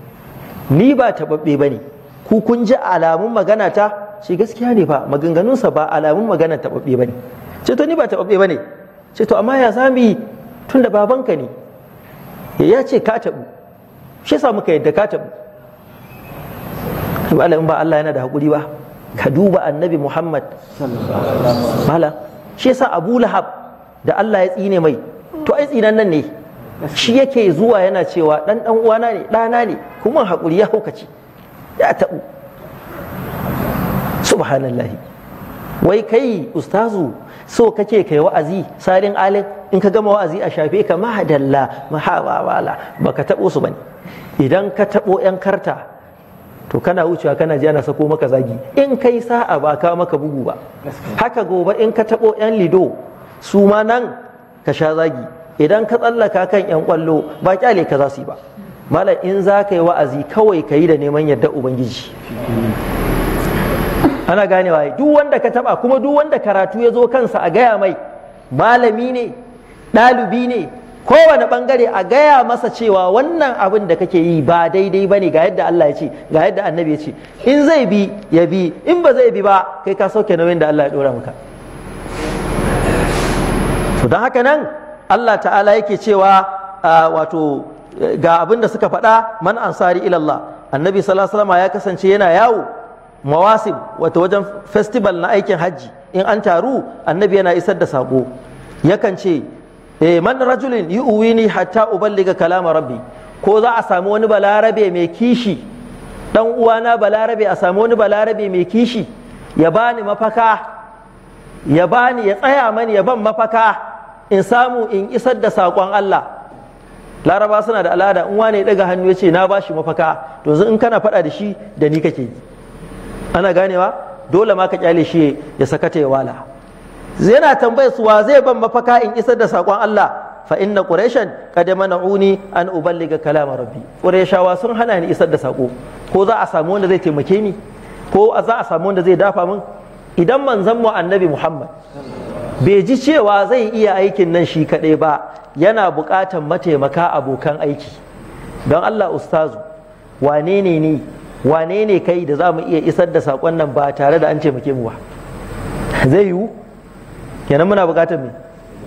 ni ba taɓaɓɓe ba ne ku kun ji alamun magana ta ce gaskiya ne ba maganganunsa ba alamun magana taɓaɓɓe ba ne ce ni ba taɓaɓɓe ba ne ce amma ya sami tunda babanka ne ya ce ka tabu shi sa muka yadda ka tabu malamin ba Allah yana da hakuri ba ka duba annabi Muhammad mala shi sa Abu Lahab da Allah ya tsine mai to ai tsinan nan ne shi yake zuwa yana cewa dan dan uwana ne dana ne kuma hakuri ya haukace ya tabu subhanallahi wai kai ustazu so kake kai wa'azi sarin alin in ka gama wa'azi a shafe ka mahadalla mahawawala baka tabo su bane idan ka tabo yan karta to kana wucewa kana ji ana sako maka zagi in kai sa'a ba ka maka bugu ba haka gobe in ka taɓo yan lido su ma nan ka sha zagi idan ka tsallaka kan yan kwallo ba kyale ka za su yi ba malam in za ka yi wa'azi kawai ka yi da neman yadda ubangiji ana ganewa duk wanda ka taba kuma duk wanda karatu ya zo kansa a gaya mai malami ne ɗalibi ne kowane bangare a gaya masa cewa wannan abin da kake yi ba daidai ba ne ga yadda Allah ya ce ga yadda annabi ya ce in zai bi ya bi in ba zai bi ba kai ka sauke nauyin da Allah ya dora maka to don haka nan Allah ta'ala yake cewa wato ga abin da suka faɗa man ansari ilallah annabi sallallahu alaihi ya kasance yana yawo mawasib wato wajen festival na aikin hajji in an taru annabi yana isar da sako yakan ce eh, man rajulin yu'wini hatta uballiga kalama rabbi ko za a samu wani balarabe mai kishi dan uwana balarabe a samu wani balarabe mai kishi ya bani mafaka ya bani ya tsaya mani ya ban mafaka in samu in isar da sakon Allah laraba suna da al'ada in wane ya daga hannu ya ce na bashi mafaka to in kana faɗa da shi da ni kake yi ana ganewa dole ma ka kyale shi ya sakata ya wala yana tambayar su wa zai ban mafaka in isar da sakon Allah fa inna quraishan qad mana'uni an uballiga kalam rabbi quraishawa sun hana ni isar da sako ko za a samu wanda zai taimake ni ko za a samu wanda zai dafa min idan manzon mu annabi muhammad bai ji cewa zai iya aikin nan shi kadai ba yana buƙatar mataimaka abokan aiki don allah ustazu wane ne ni wane ne kai da za mu iya isar da saƙon nan ba tare da an ce muke mu ba zai yiwu kenan muna buƙatar mai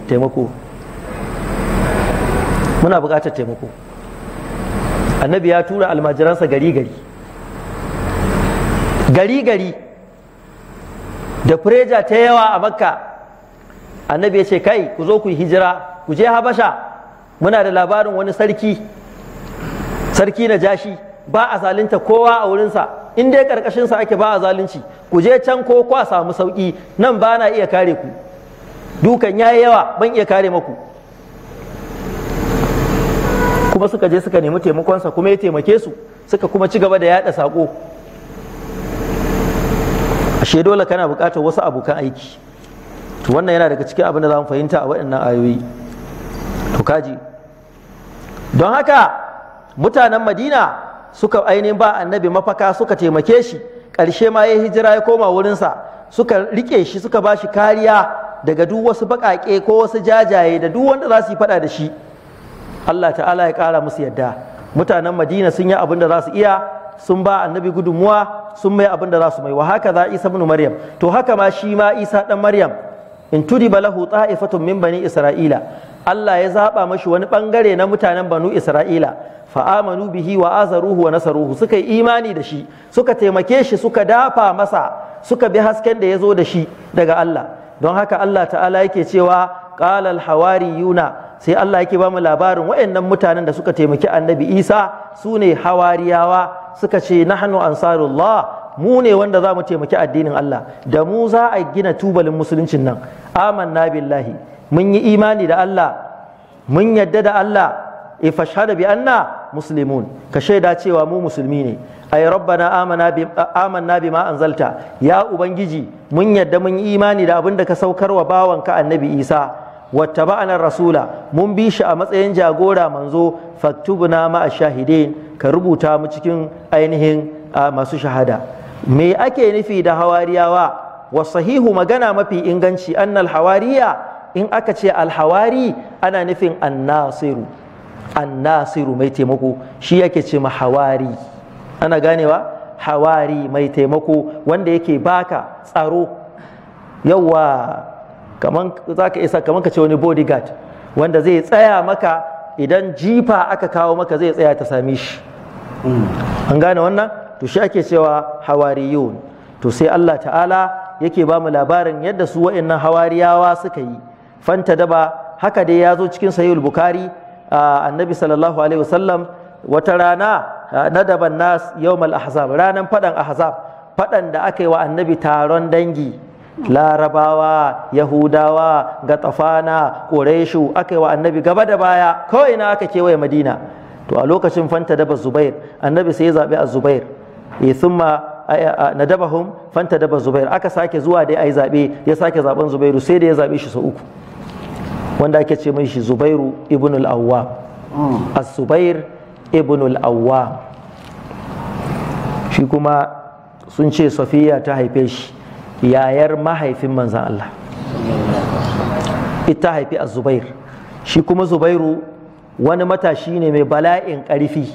taimako muna buƙatar taimako annabi ya tura almajiransa gari gari gari gari da fureja ta yawa a makka annabi ya ce kai ku zo ku yi hijira ku je habasha muna da labarin wani sarki sarki na jashi ba a zalunta kowa a wurinsa in dai karkashinsa ake ba a zalunci ku je can ko kwa samu sauki nan ba na iya kare ku dukan yayi yawa ban iya kare maku kuma suka je suka nemi taimakonsa kuma ya taimake su suka kuma ci gaba da yada sako ashe dole kana buƙatar wasu abokan aiki to wannan yana daga cikin abin da za fahimta a waɗannan ayoyi to kaji don haka mutanen madina suka ainihin ba annabi mafaka suka taimake shi ƙarshe ma ya hijira ya koma wurinsa suka riƙe shi suka ba shi kariya daga duk wasu baƙaƙe ko wasu jajaye da duk wanda za su yi faɗa da shi Allah ta'ala ya ƙara musu yadda mutanen madina sun yi abin da za su iya sun ba annabi gudunmuwa sun mai abin da za su mai wa haka za isa ibn maryam to haka ma shi ma isa dan maryam in tudi lahu ta'ifatun min bani isra'ila Allah ya zaba mashi wani bangare na mutanen banu Isra'ila fa bihi wa azaruhu wa nasaruhu suka yi imani da shi suka taimake shi suka dafa masa suka bi hasken da ya zo da shi daga Allah don haka Allah ta'ala yake cewa qala al hawariyuna sai Allah yake ba mu labarin waɗannan mutanen da suka taimaki annabi Isa su ne hawariyawa suka ce nahnu ansarullah mu ne wanda za mu taimaki addinin Allah da mu za a gina tubalin musuluncin nan amanna billahi mun yi imani da Allah mun yadda da Allah ifashhada bi anna muslimun ka shaida cewa mu musulmi ne ay rabbana amana bi amanna bima anzalta ya ubangiji mun yadda mun yi imani da abin da ka saukarwa bawanka annabi Isa wattaba'ana rasula mun bi shi a matsayin jagora manzo faktubna ma ashahidin ka rubuta mu cikin ainihin masu shahada me ake nufi da hawariyawa wa sahihu magana mafi inganci annal hawariya in aka ce alhawari ana nufin annasiru annasiru mai taimako shi yake ce ma hawari ana ganewa hawari mai taimako wanda yake baka tsaro yawa kaman za isa kaman ka ce wani bodyguard wanda zai tsaya maka idan jifa aka kawo maka zai tsaya ta sami shi an gane wannan to shi ake cewa hawariyun to sai Allah ta'ala yake ba mu labarin yadda su wa'annan hawariyawa suka yi fanta daba haka dai ya zo cikin sahihul bukhari annabi sallallahu alaihi wasallam wata rana na daban nas yawmal ahzab ranan fadan ahzab fadan da aka yi wa annabi taron dangi larabawa yahudawa gatsafana ƙureshu aka yi wa annabi gaba da baya kawai na aka kewaye madina to a lokacin fanta daba zubair annabi sai ya zaɓi eh, a zubair ya thumma fanta daba zubair aka sake zuwa dai a yi zaɓe ya sake zaɓen zubairu sai da ya zaɓe shi sau uku wanda ake ce mai shi zubairu ibn al'awwa hmm. awwa zubair ibn al'awwa shi kuma sun ce safiya ta haife shi yayar mahaifin manzan Allah ita haifi a zubair shi kuma zubairu wani matashi ne mai bala'in karfi.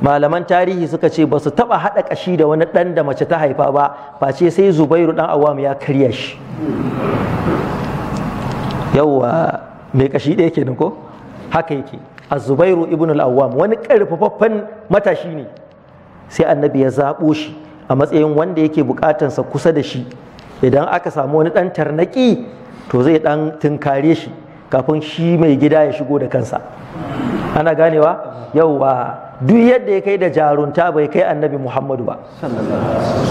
malaman tarihi suka ce ba su taɓa haɗa ƙashi da wani ɗan da mace ta haifa ba face sai zubairu ɗan awam ya karya shi hmm. yauwa mai kashi ɗaya ke ko haka yake a Zubairu ibn al-awwam wani karfafaffen matashi ne sai annabi ya zaɓo shi a matsayin wanda yake buƙatansa kusa da shi idan aka samu wani ɗan tarnaki to zai ɗan tunkare shi kafin shi mai gida ya shigo da kansa ana ganewa yauwa duk yadda ya kai da jarunta bai kai annabi muhammadu ba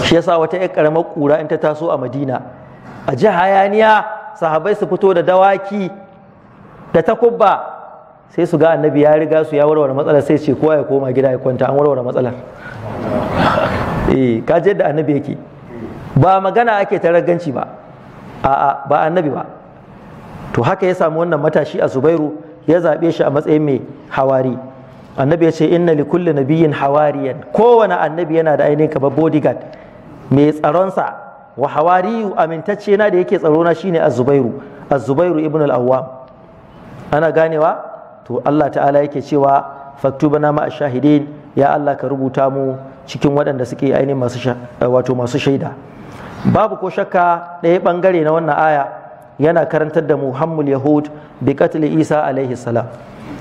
shi yasa wata 'yar karamar ƙura in ta taso a madina a ji hayaniya sahabai su fito da dawaki da ta Kubba sai su ga annabi ya riga su ya warware matsalar sai ce kowa ya koma gida ya kwanta an warware matsalar eh ka je da annabi yake ba magana ake ta raganci ba a'a ba annabi ba to haka ya samu wannan matashi a Zubairu ya zabe shi a matsayin mai hawari annabi ya ce inna li kulli nabiyyin hawariyan kowane annabi yana da ainihin kamar bodyguard mai tsaronsa wa hawariyu amintacce na da yake tsaro na shine az-zubairu az-zubairu ibn al-awwam ana ganewa to Allah ta'ala yake cewa faktubana ma shahidin ya Allah ka rubuta mu cikin waɗanda suke ainihin masu eh, wato masu shaida babu ko shakka ɗaya ɓangare na wannan aya yana karantar da muhammul yahud bi katli isa alaihi salam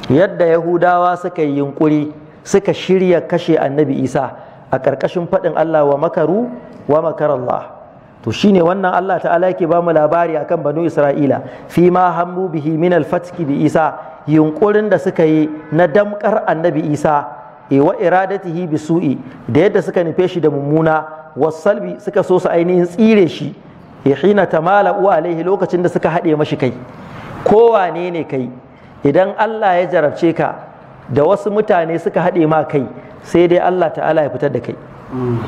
yadda yahudawa suka yi yunƙuri, suka shirya kashe annabi isa a ƙarƙashin faɗin Allah wa makaru wa makarallah to shine wannan Allah ta'ala yake ba mu labari akan banu Isra'ila fi ma hammu bihi min al-fatki bi Isa yunkurin da suka yi na damkar annabi Isa e wa iradatihi bi su'i da yadda suka nufe shi da mummuna wasalbi suka so su ainihin tsire shi e hina tamala u alaihi lokacin da suka haɗe mashi kai ko wane ne kai idan Allah ya jarabce ka da wasu mutane suka haɗe ma kai sai dai Allah ta'ala ya fitar da kai mm.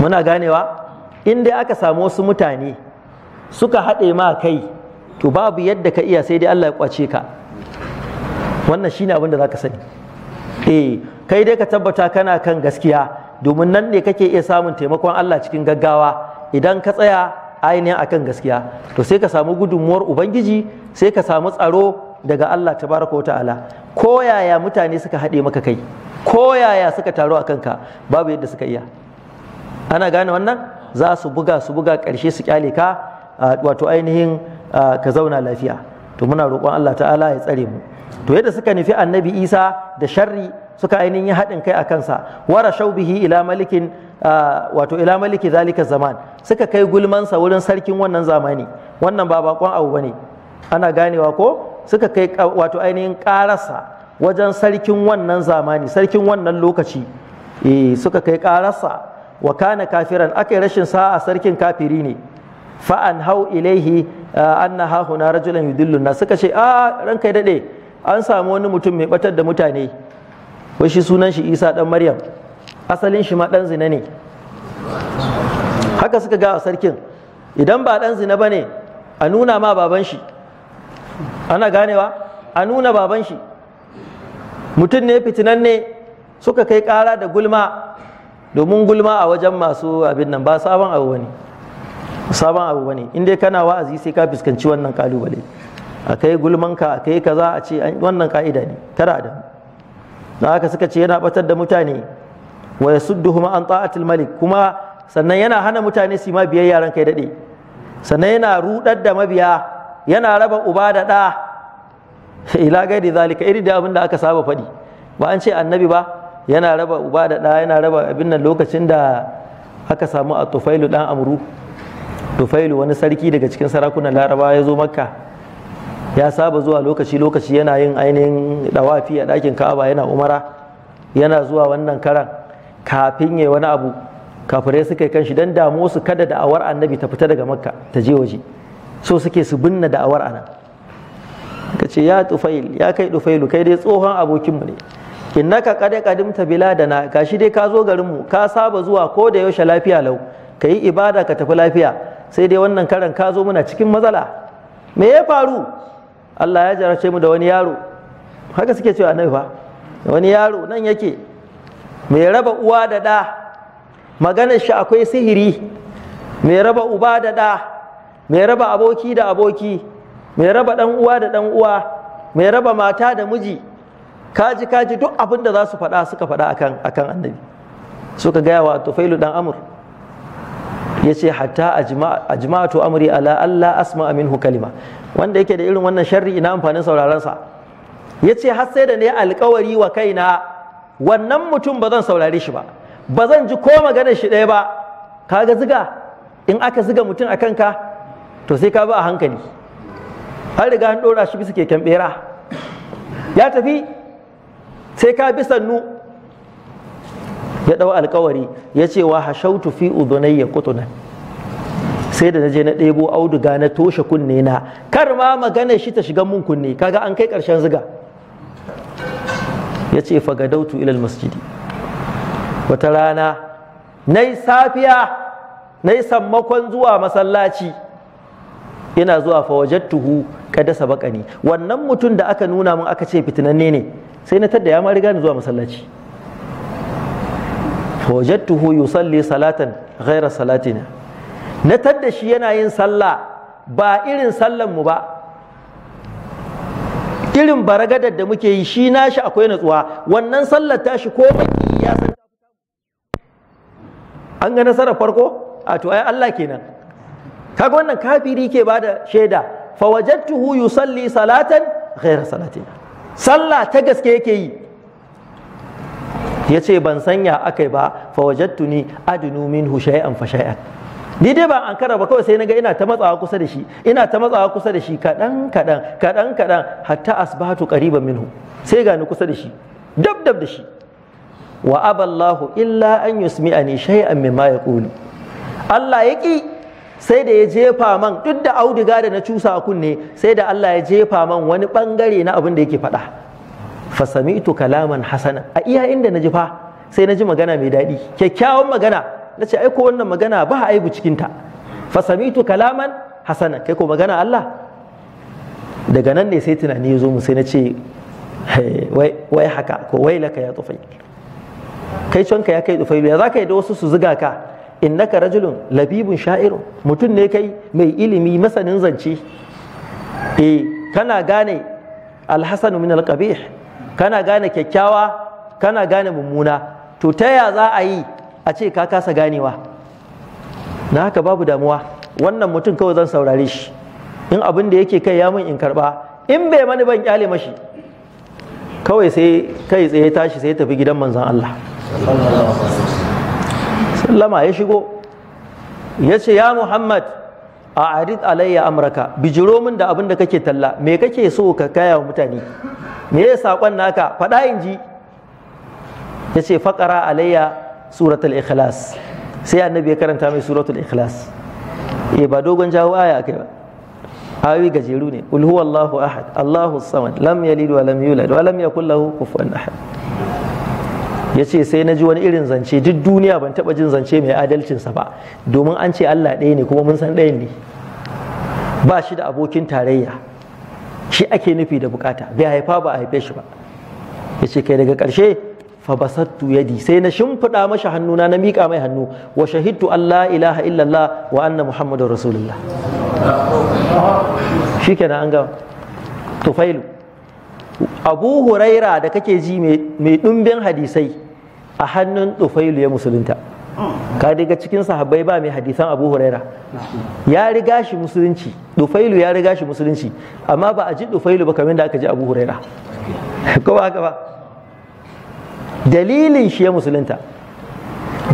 muna ganewa in dai aka samu wasu mutane suka haɗe ma kai to babu yadda ka iya sai dai Allah ya kwace ka wannan shine abin da zaka sani eh kai dai ka tabbata kana kan gaskiya domin nan ne kake iya samun taimakon Allah cikin gaggawa idan ka tsaya ainihin akan gaskiya to sai ka samu gudunmuwar ubangiji sai ka samu tsaro daga Allah tabaraka wa ta'ala ko yaya mutane suka haɗe maka kai ko yaya suka taro akan ka babu yadda suka iya ana gane wannan za su buga su buga ƙarshe su kyale ka wato ainihin ka zauna lafiya to muna roƙon Allah ta'ala ya tsare mu to yadda suka nufi annabi Isa da sharri suka ainihin yi haɗin kai a kansa wara shaubihi ila malikin wato ila maliki zalika zaman suka kai gulman sa wurin sarkin wannan zamani wannan ba bakon abu bane ana ganewa ko suka kai wato ainihin ƙararsa wajen sarkin wannan zamani sarkin wannan lokaci eh, suka kai ƙararsa wa kana kafiran akai rashin sa'a sarkin kafiri ne fa an hau ilaihi anna ha huna rajulan yudilluna suka ce a ranka ya dade an samu wani mutum mai batar da mutane wai shi sunan shi Isa dan Maryam asalin shi ma dan zina ne haka suka ga sarkin idan ba dan zina bane a nuna ma baban shi ana ganewa a nuna baban shi mutum ne fitinan ne suka kai kara da gulma domin gulma a wajen masu abin nan ba sabon abu bane sabon abu bane in dai kana wa'azi sai ka fuskanci wannan kalubale kai gulmanka akai kaza a ce wannan ka'ida ne kada da na haka suka ce yana batar da mutane wa yasudduhum an ta'atil malik kuma sannan yana hana mutane su ma biyayya ran kai dade sannan yana rudar da mabiya yana raba uba da da ila gaidi zalika iri da abin da aka saba faɗi ba an ce annabi ba yana raba uba da ɗa yana raba abin nan lokacin da aka samu a tufailu ɗan amru tufailu wani sarki daga cikin sarakunan laraba ya zo makka ya saba zuwa lokaci lokaci yana yin ainihin ɗawafi a ɗakin ka'aba yana umara yana zuwa wannan karan kafin ya wani abu kafirai suka kan shi don damu su kada da'awar annabi ta fita daga makka ta je waje so suke su binne da'awar anan ka ce ya tufail ya kai tufailu kai dai tsohon abokinmu ne innaka qad qadimta biladana gashi dai ka zo garin mu ka saba zuwa ko da yaushe lafiya lau kayi ibada ka tafi lafiya sai dai wannan karan ka zo muna cikin matsala me ya faru Allah ya jarace mu da wani yaro haka suke cewa annabi fa wani yaro nan yake mai raba uwa da da maganar shi akwai sihiri mai raba uba da da mai raba aboki da aboki mai raba dan uwa da dan uwa mai raba mata da miji kaji kaji duk abin da za su faɗa suka faɗa akan akan annabi suka gaya wa tufailu dan amur ya ce hatta ajma'atu amri ala Allah asma minhu kalima wanda yake da irin wannan sharri ina amfanin saurarensa ya ce har sai da ne alkawari wa kaina wannan mutum ba zan saurare shi ba ba zan ji ko maganar shi ɗaya ba kaga ziga in aka ziga mutum a kanka to sai ka ba a hankali har riga an ɗora shi bisa keken ɓera ya tafi sai ka bi sannu ya ɗau alkawari ya ce wa hashautu fi ya kutunan sai da na je na ɗebo auduga na toshe kunne na kar ma magana shi ta shiga mun kunne kaga an kai ƙarshen ziga ya ce fagadautu ilal masjidi wata rana na safiya na yi sammakon zuwa masallaci ina zuwa fawajattuhu kada sabakani wannan mutum da aka nuna mun aka ce fitinanne ne sai na tadda ya ma riga ni zuwa masallaci fawajattuhu yusalli salatan ghaira salatina na tadda shi yana yin sallah ba irin sallan mu ba irin baragadar da muke yi shi nashi akwai natsuwa wannan sallar tashi ko mai ya san an ga nasarar farko a to ai Allah kenan kaga wannan kafiri ke bada shaida fawajattuhu yusalli salatan ghaira salatina sallah ta gaske yake yi ya ce ban sanya aka yi ba fawajattu ni adinu min hushe an ni dai ba an kara ba kawai sai ga ina ta matsawa kusa da shi ina ta matsawa kusa da shi kaɗan kaɗan kaɗan kaɗan hatta asbahatu qariban minhu sai ga ni kusa da shi dab dab da shi wa aballahu illa an yusmi'ani shay'an mimma yaqulu Allah ya ki sai da ya jefa man duk da auduga da na cusa a kunne sai da Allah ya jefa man wani bangare na abin da yake faɗa fasami'tu kalaman hasana a iya inda na ji fa sai na ji magana mai daɗi kyakkyawan magana na ce aiko wannan magana ba aibu cikinta fasami'tu kalaman hasana kai ko magana Allah daga nan ne sai tunani ya zo mu sai na ce wai haka ko wai laka ya tufai kai canka ya kai tufai ya za ka yi da wasu su ziga ka innaka rajulun labibun sha'irun mutum ne kai mai ilimi masanin zance eh kana gane alhasanu min alqabih kana gane kyakkyawa kana gane mummuna to ta ya za a yi a ce ka kasa ganewa na haka babu damuwa wannan mutum kawai zan saurare shi in abin da yake kai ya min in karba in bai mani ban kyale mashi kawai sai kai tsaye tashi sai tafi gidan manzon Allah Lama ya shigo ya ce ya muhammad a arid alayya amraka bijiro min da abin da kake talla me kake so ka kaya wa mutane me ya saƙon naka faɗa in ji ya ce faƙara alayya suratul ikhlas sai annabi ya karanta mai suratul ikhlas eh ba dogon jawo aya kai ba Awi gajeru ne qul huwallahu ahad allahu samad lam yalid wa lam yulad wa lam yakul lahu kufuwan ahad ya ce sai na ji wani irin zance duk duniya ban taba jin zance mai adalcinsa ba domin an ce Allah ɗaya ne kuma mun san ɗayan ne ba shi da abokin tarayya shi ake nufi da bukata bai haifa ba a haife shi ba ya ce kai daga ƙarshe fa basattu yadi sai na shimfiɗa masa hannuna na miƙa mai hannu wa shahidtu Allah ilaha illallah wa anna muhammadun rasulullah shikenan an ga tufailu abu huraira da kake ji mai ɗumbin hadisai a hannun tufailu ya musulunta ka daga cikin sahabbai ba mai hadisan abu huraira ya riga shi musulunci tufailu ya riga shi musulunci amma ba a ji tufailu ba kamar da aka ji abu huraira ko ba ba dalilin shi ya musulunta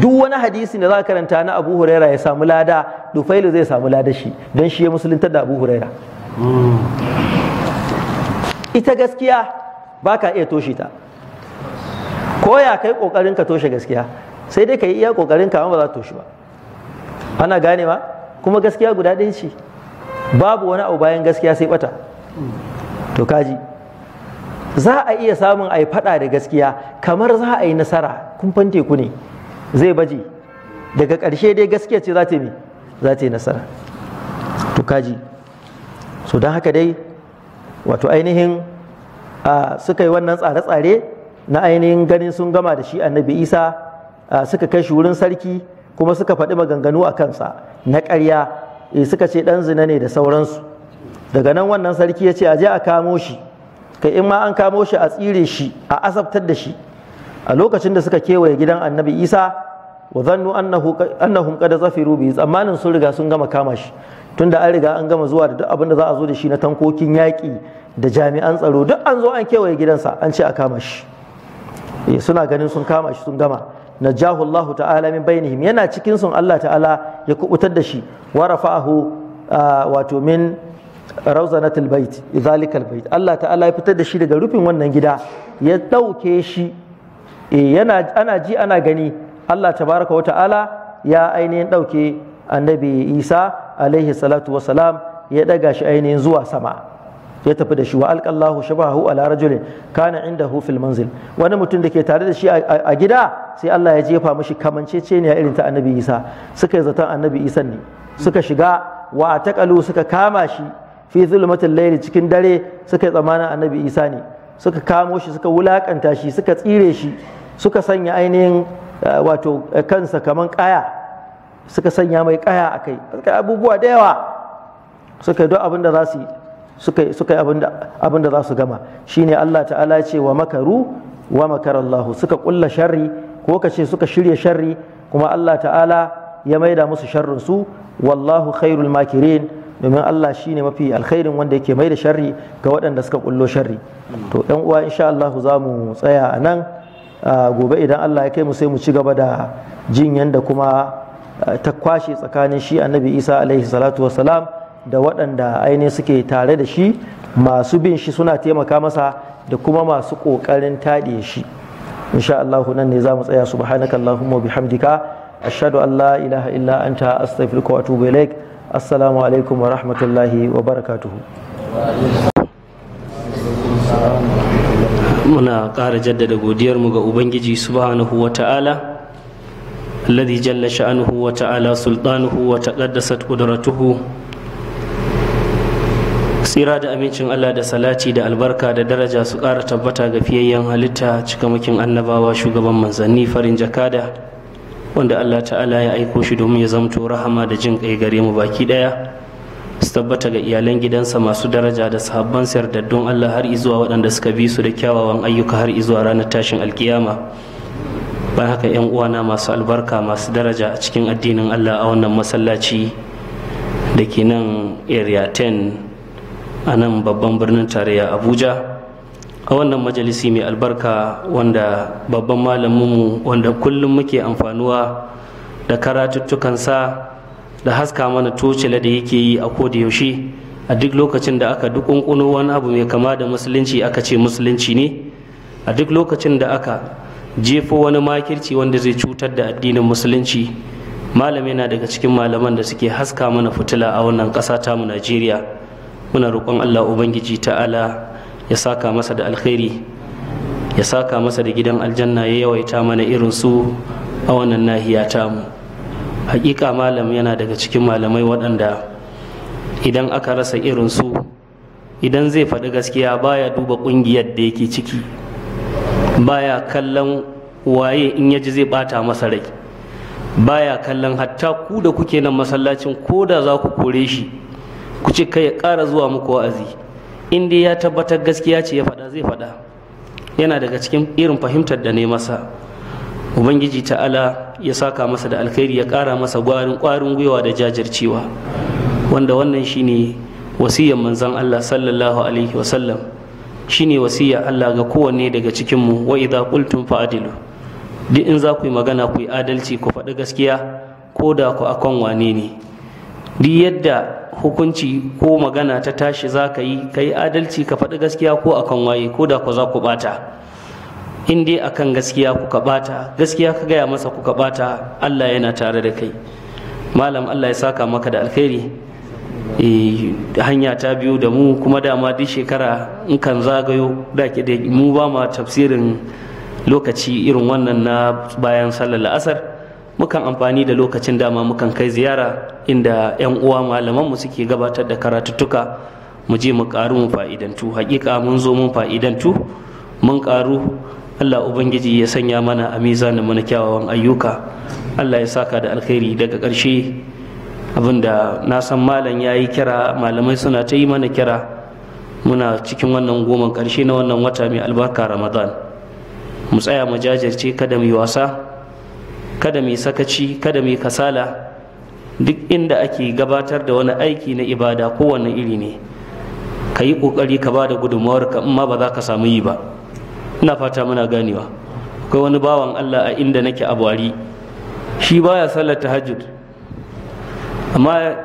duk wani hadisi da za karanta na abu huraira ya samu lada dufailu zai samu lada shi don shi ya musulunta da abu huraira ita gaskiya ba ka iya toshe ta ko ya kai kokarin ka toshe gaskiya sai dai ka yi iya kokarin ka amma ba za ta toshe ba ana gane ba kuma gaskiya guda ɗaya ce babu wani abu bayan gaskiya sai bata to kaji za a iya samun a yi faɗa da gaskiya kamar za a yi nasara kun fante teku ne zai baje daga ƙarshe dai gaskiya ce za ta yi nasara to kaji so don haka dai wato ainihin suka yi wannan tsare-tsare na ainihin ganin sun gama da shi annabi isa suka kai shi wurin sarki kuma suka faɗi maganganu a kansa na ƙarya eh, suka ce ɗan zina ne da sauransu daga nan wannan sarki ya ce a je a kamo shi kai in ma an kamo shi a tsire shi a asabtar da shi a lokacin da suka kewaye gidan annabi isa wa zannu annahum qad zafiru bi tsammanin sun riga sun gama kama shi tun da an riga an gama zuwa da duk abin da za a zo da shi na tankokin yaƙi da jami'an tsaro duk an zo an kewaye gidansa an ce a kama shi eh, suna ganin sun kama shi sun gama na jahullahu ta'ala min bainihim yana cikin sun Allah ta'ala ya kubutar da shi wa rafa'ahu ah, wato min rawzanatil bait idhalikal bait Allah ta'ala ya fitar da shi daga rufin wannan gida ya dauke shi eh, yana ana ji ana gani Allah tabaraka wa ta'ala ya ainihin dauke annabi isa alaihi salatu wasalam ya daga shi ainihin zuwa sama ya tafi da shi wa alƙallahu shabahu ala rajulin kana inda fil manzil wani mutum da ke tare da shi a gida sai Allah ya jefa mishi kamanceceniya irin ta annabi Isa suka yi zaton annabi isan ne suka shiga wa taƙalu suka kama shi fi zulmatin cikin dare suka yi tsamana annabi Isa ne suka kamo shi suka wulakanta shi suka tsire shi suka sanya ainihin eh, wato eh, kansa kaman kaya suka sanya mai kaya a kai suka abubuwa da yawa suka yi duk abin da za su yi suka yi abin da za su gama shine Allah ta'ala ce wa makaru wa makarallahu suka kulla sharri ko ka ce suka shirya sharri kuma Allah ta'ala ya maida musu sharrin su wallahu khairul makirin domin Allah shine mafi alkhairin wanda yake maida sharri ga waɗanda suka kullo sharri to ɗan uwa insha Allah za mu tsaya a nan ah, gobe idan Allah ya kai mu sai mu ci gaba da jin yanda kuma ta kwashe tsakanin shi annabi isa alaihi salatu wasalam da waɗanda ainihin suke tare da shi masu bin shi suna taimaka masa da kuma masu ƙoƙarin taɗe shi insha Allahu nan ne za mu tsaya subhanaka Allahumma bihamdika ashhadu an la ilaha illa anta astaghfiruka wa atubu ilaik assalamu alaikum wa rahmatullahi wa barakatuhu muna ƙara jaddada godiyarmu ga ubangiji subhanahu wa ta'ala الذي جل شأنه وتعالى سلطانه وتقدست قدرته tsira da amincin Allah da salati da albarka da daraja su ƙara tabbata ga fiyayyen halitta cikamakin annabawa shugaban manzanni farin jakada wanda Allah ta'ala ya aiko shi domin ya zamto rahama da jin kai gare mu baki ɗaya. su tabbata ga iyalan gidansa masu daraja da sahabban sardaddun Allah har izuwa waɗanda suka bi su da kyawawan ayyuka har izuwa ranar tashin alkiyama bai haka yan uwana masu albarka masu daraja a cikin addinin allah a wannan masallaci da ke nan area 10 a nan babban birnin tarayya abuja a wannan majalisi mai albarka wanda babban malaminmu wanda kullum muke amfanuwa da karatuttukansa da haska mana tocila da yake yi a yaushe a duk lokacin da aka dukunkuno wani abu mai kama da musulunci aka ce musulunci ne a duk lokacin da aka jefo wani makirci wanda zai cutar da addinin musulunci malam yana daga cikin malaman da suke haska mana fitila a wannan ƙasa mu najeriya muna roƙon allah ubangiji ta'ala ya saka masa da alkhairi ya saka masa da gidan aljanna ya yawaita mana irin su a wannan nahiya tamu hakika malam yana daga cikin malamai waɗanda idan aka rasa irin su idan zai faɗi gaskiya baya duba ƙungiyar da yake ciki baya kallon waye in ya ji zai bata masa rai baya kallon hatta ku da kuke nan masallacin ko da za ku kore shi ku ce kai ya ƙara zuwa muku wa'azi in dai ya tabbatar gaskiya ce ya faɗa zai faɗa yana daga cikin irin fahimtar da ne masa ubangiji ta'ala ya saka masa da alkhairi ya ƙara masa gwarin ƙwarin gwiwa da jajircewa wanda wannan shine wasiyar manzon Allah sallallahu alaihi wasallam shine wasiya Allah ga kowanne daga cikin mu wa idza qultum fa'dilu duk in za ku yi magana ku yi adalci ku faɗi gaskiya ko da ku akan wane ne duk yadda hukunci ko magana ta tashi za ka yi ka yi adalci ka faɗi gaskiya ko akan waye ko da ku za ku ɓata in dai akan gaskiya kuka ɓata gaskiya ka gaya masa kuka ɓata Allah yana tare da kai malam Allah ya saka maka da alkhairi Eh, hanya ta biyu da mu kuma dama duk shekara in kan zagayo da ke da mu ba ma tafsirin lokaci irin wannan na bayan sallar la'asar mukan amfani da lokacin dama mukan kai ziyara inda 'yan uwa malaman mu suke gabatar da karatuttuka mu je mu karu mu fa'idantu hakika mun zo mun fa'idantu mun karu Allah Ubangiji ya sanya mana a mizanin mana kyawawan ayyuka Allah ya saka da alkhairi daga ƙarshe abinda na san malam ya yi kira malamai suna ta yi mana kira muna cikin wannan goman karshe na wannan wata mai albarka ramadan mu tsaya mu jajirce kada mu yi wasa kada mu yi sakaci kada mu yi kasala duk inda ake gabatar da wani aiki na ibada kowane iri ne ka yi kokari ka ba da gudunmawar ka amma ba za ka samu yi ba ina fata muna ganewa akwai wani bawan allah a inda nake a shi baya sallar tahajjud amma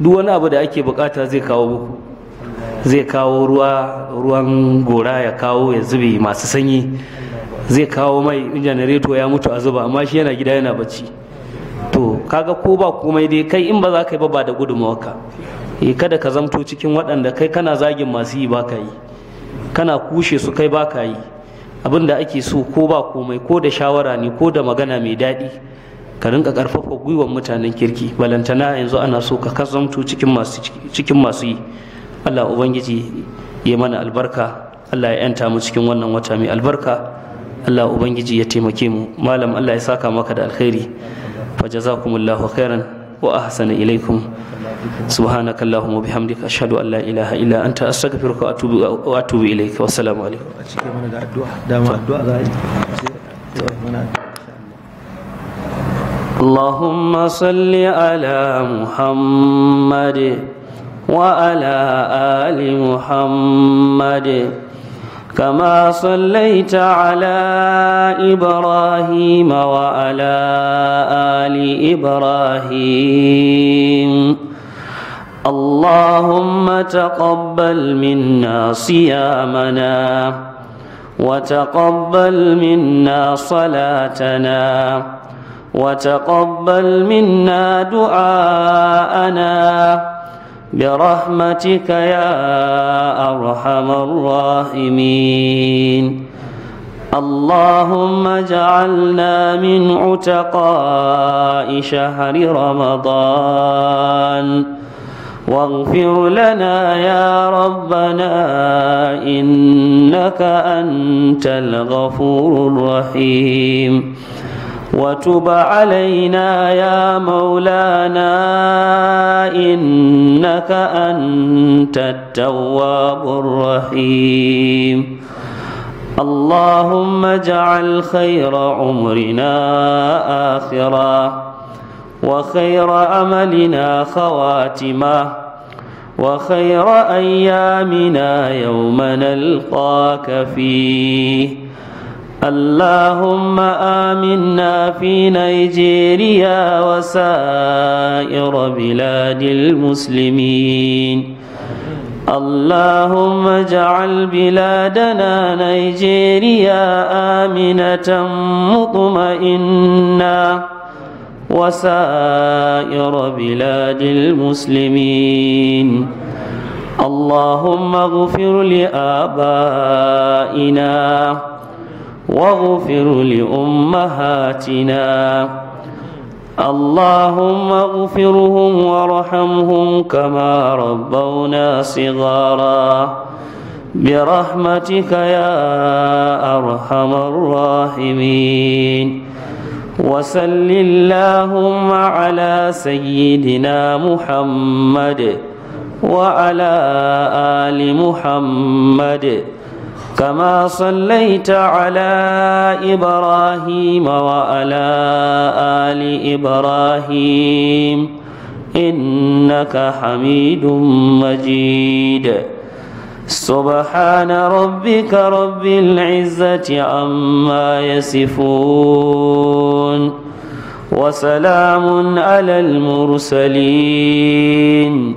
duk wani abu da ake bukata zai kawo muku zai kawo ruwa ruwan gora ya kawo ya zube masu sanyi zai kawo mai janareto ya mutu a zuba amma shi yana gida yana bacci to kaga ko ba komai dai kai in ba za ka yi ba da gudunmawarka eh, kada ka zamto cikin waɗanda kai kana zagin masu yi baka yi kana kushe su kai baka yi abin da ake so ko ba komai ko da shawara ne ko da magana mai daɗi ka rinka karfafa gwiwar mutanen kirki balantana yanzu ana so ka kazamtu cikin masu yi allah ubangiji ya mana albarka allah ya yanta mu cikin wannan wata mai albarka allah ubangiji ya taimake mu malam allah ya saka maka da alkhairi fa jazakumullahu khairan wa ahsana ilaikum سبحانك اللهم وبحمدك اشهد ان لا اله الا انت استغفرك Atubu واتوب اليك والسلام عليكم اللهم صل على محمد وعلى آل محمد كما صليت على إبراهيم وعلى آل إبراهيم اللهم تقبل منا صيامنا وتقبل منا صلاتنا وتقبل منا دعاءنا برحمتك يا أرحم الراحمين اللهم اجعلنا من عتقاء شهر رمضان واغفر لنا يا ربنا إنك أنت الغفور الرحيم وتب علينا يا مولانا إنك أنت التواب الرحيم اللهم اجعل خير عمرنا آخرا وخير أملنا خواتمه وخير أيامنا يوم نلقاك فيه اللهم آمنا في نيجيريا وسائر بلاد المسلمين اللهم اجعل بلادنا نيجيريا آمنة مطمئنة وسائر بلاد المسلمين اللهم اغفر لآبائنا واغفر لأمهاتنا اللهم اغفرهم وارحمهم كما ربونا صغارا برحمتك يا أرحم الراحمين وسل اللهم على سيدنا محمد وعلى آل محمد كما صليت على إبراهيم وعلى آل إبراهيم إنك حميد مجيد سبحان ربك رب العزة عما يصفون وسلام على المرسلين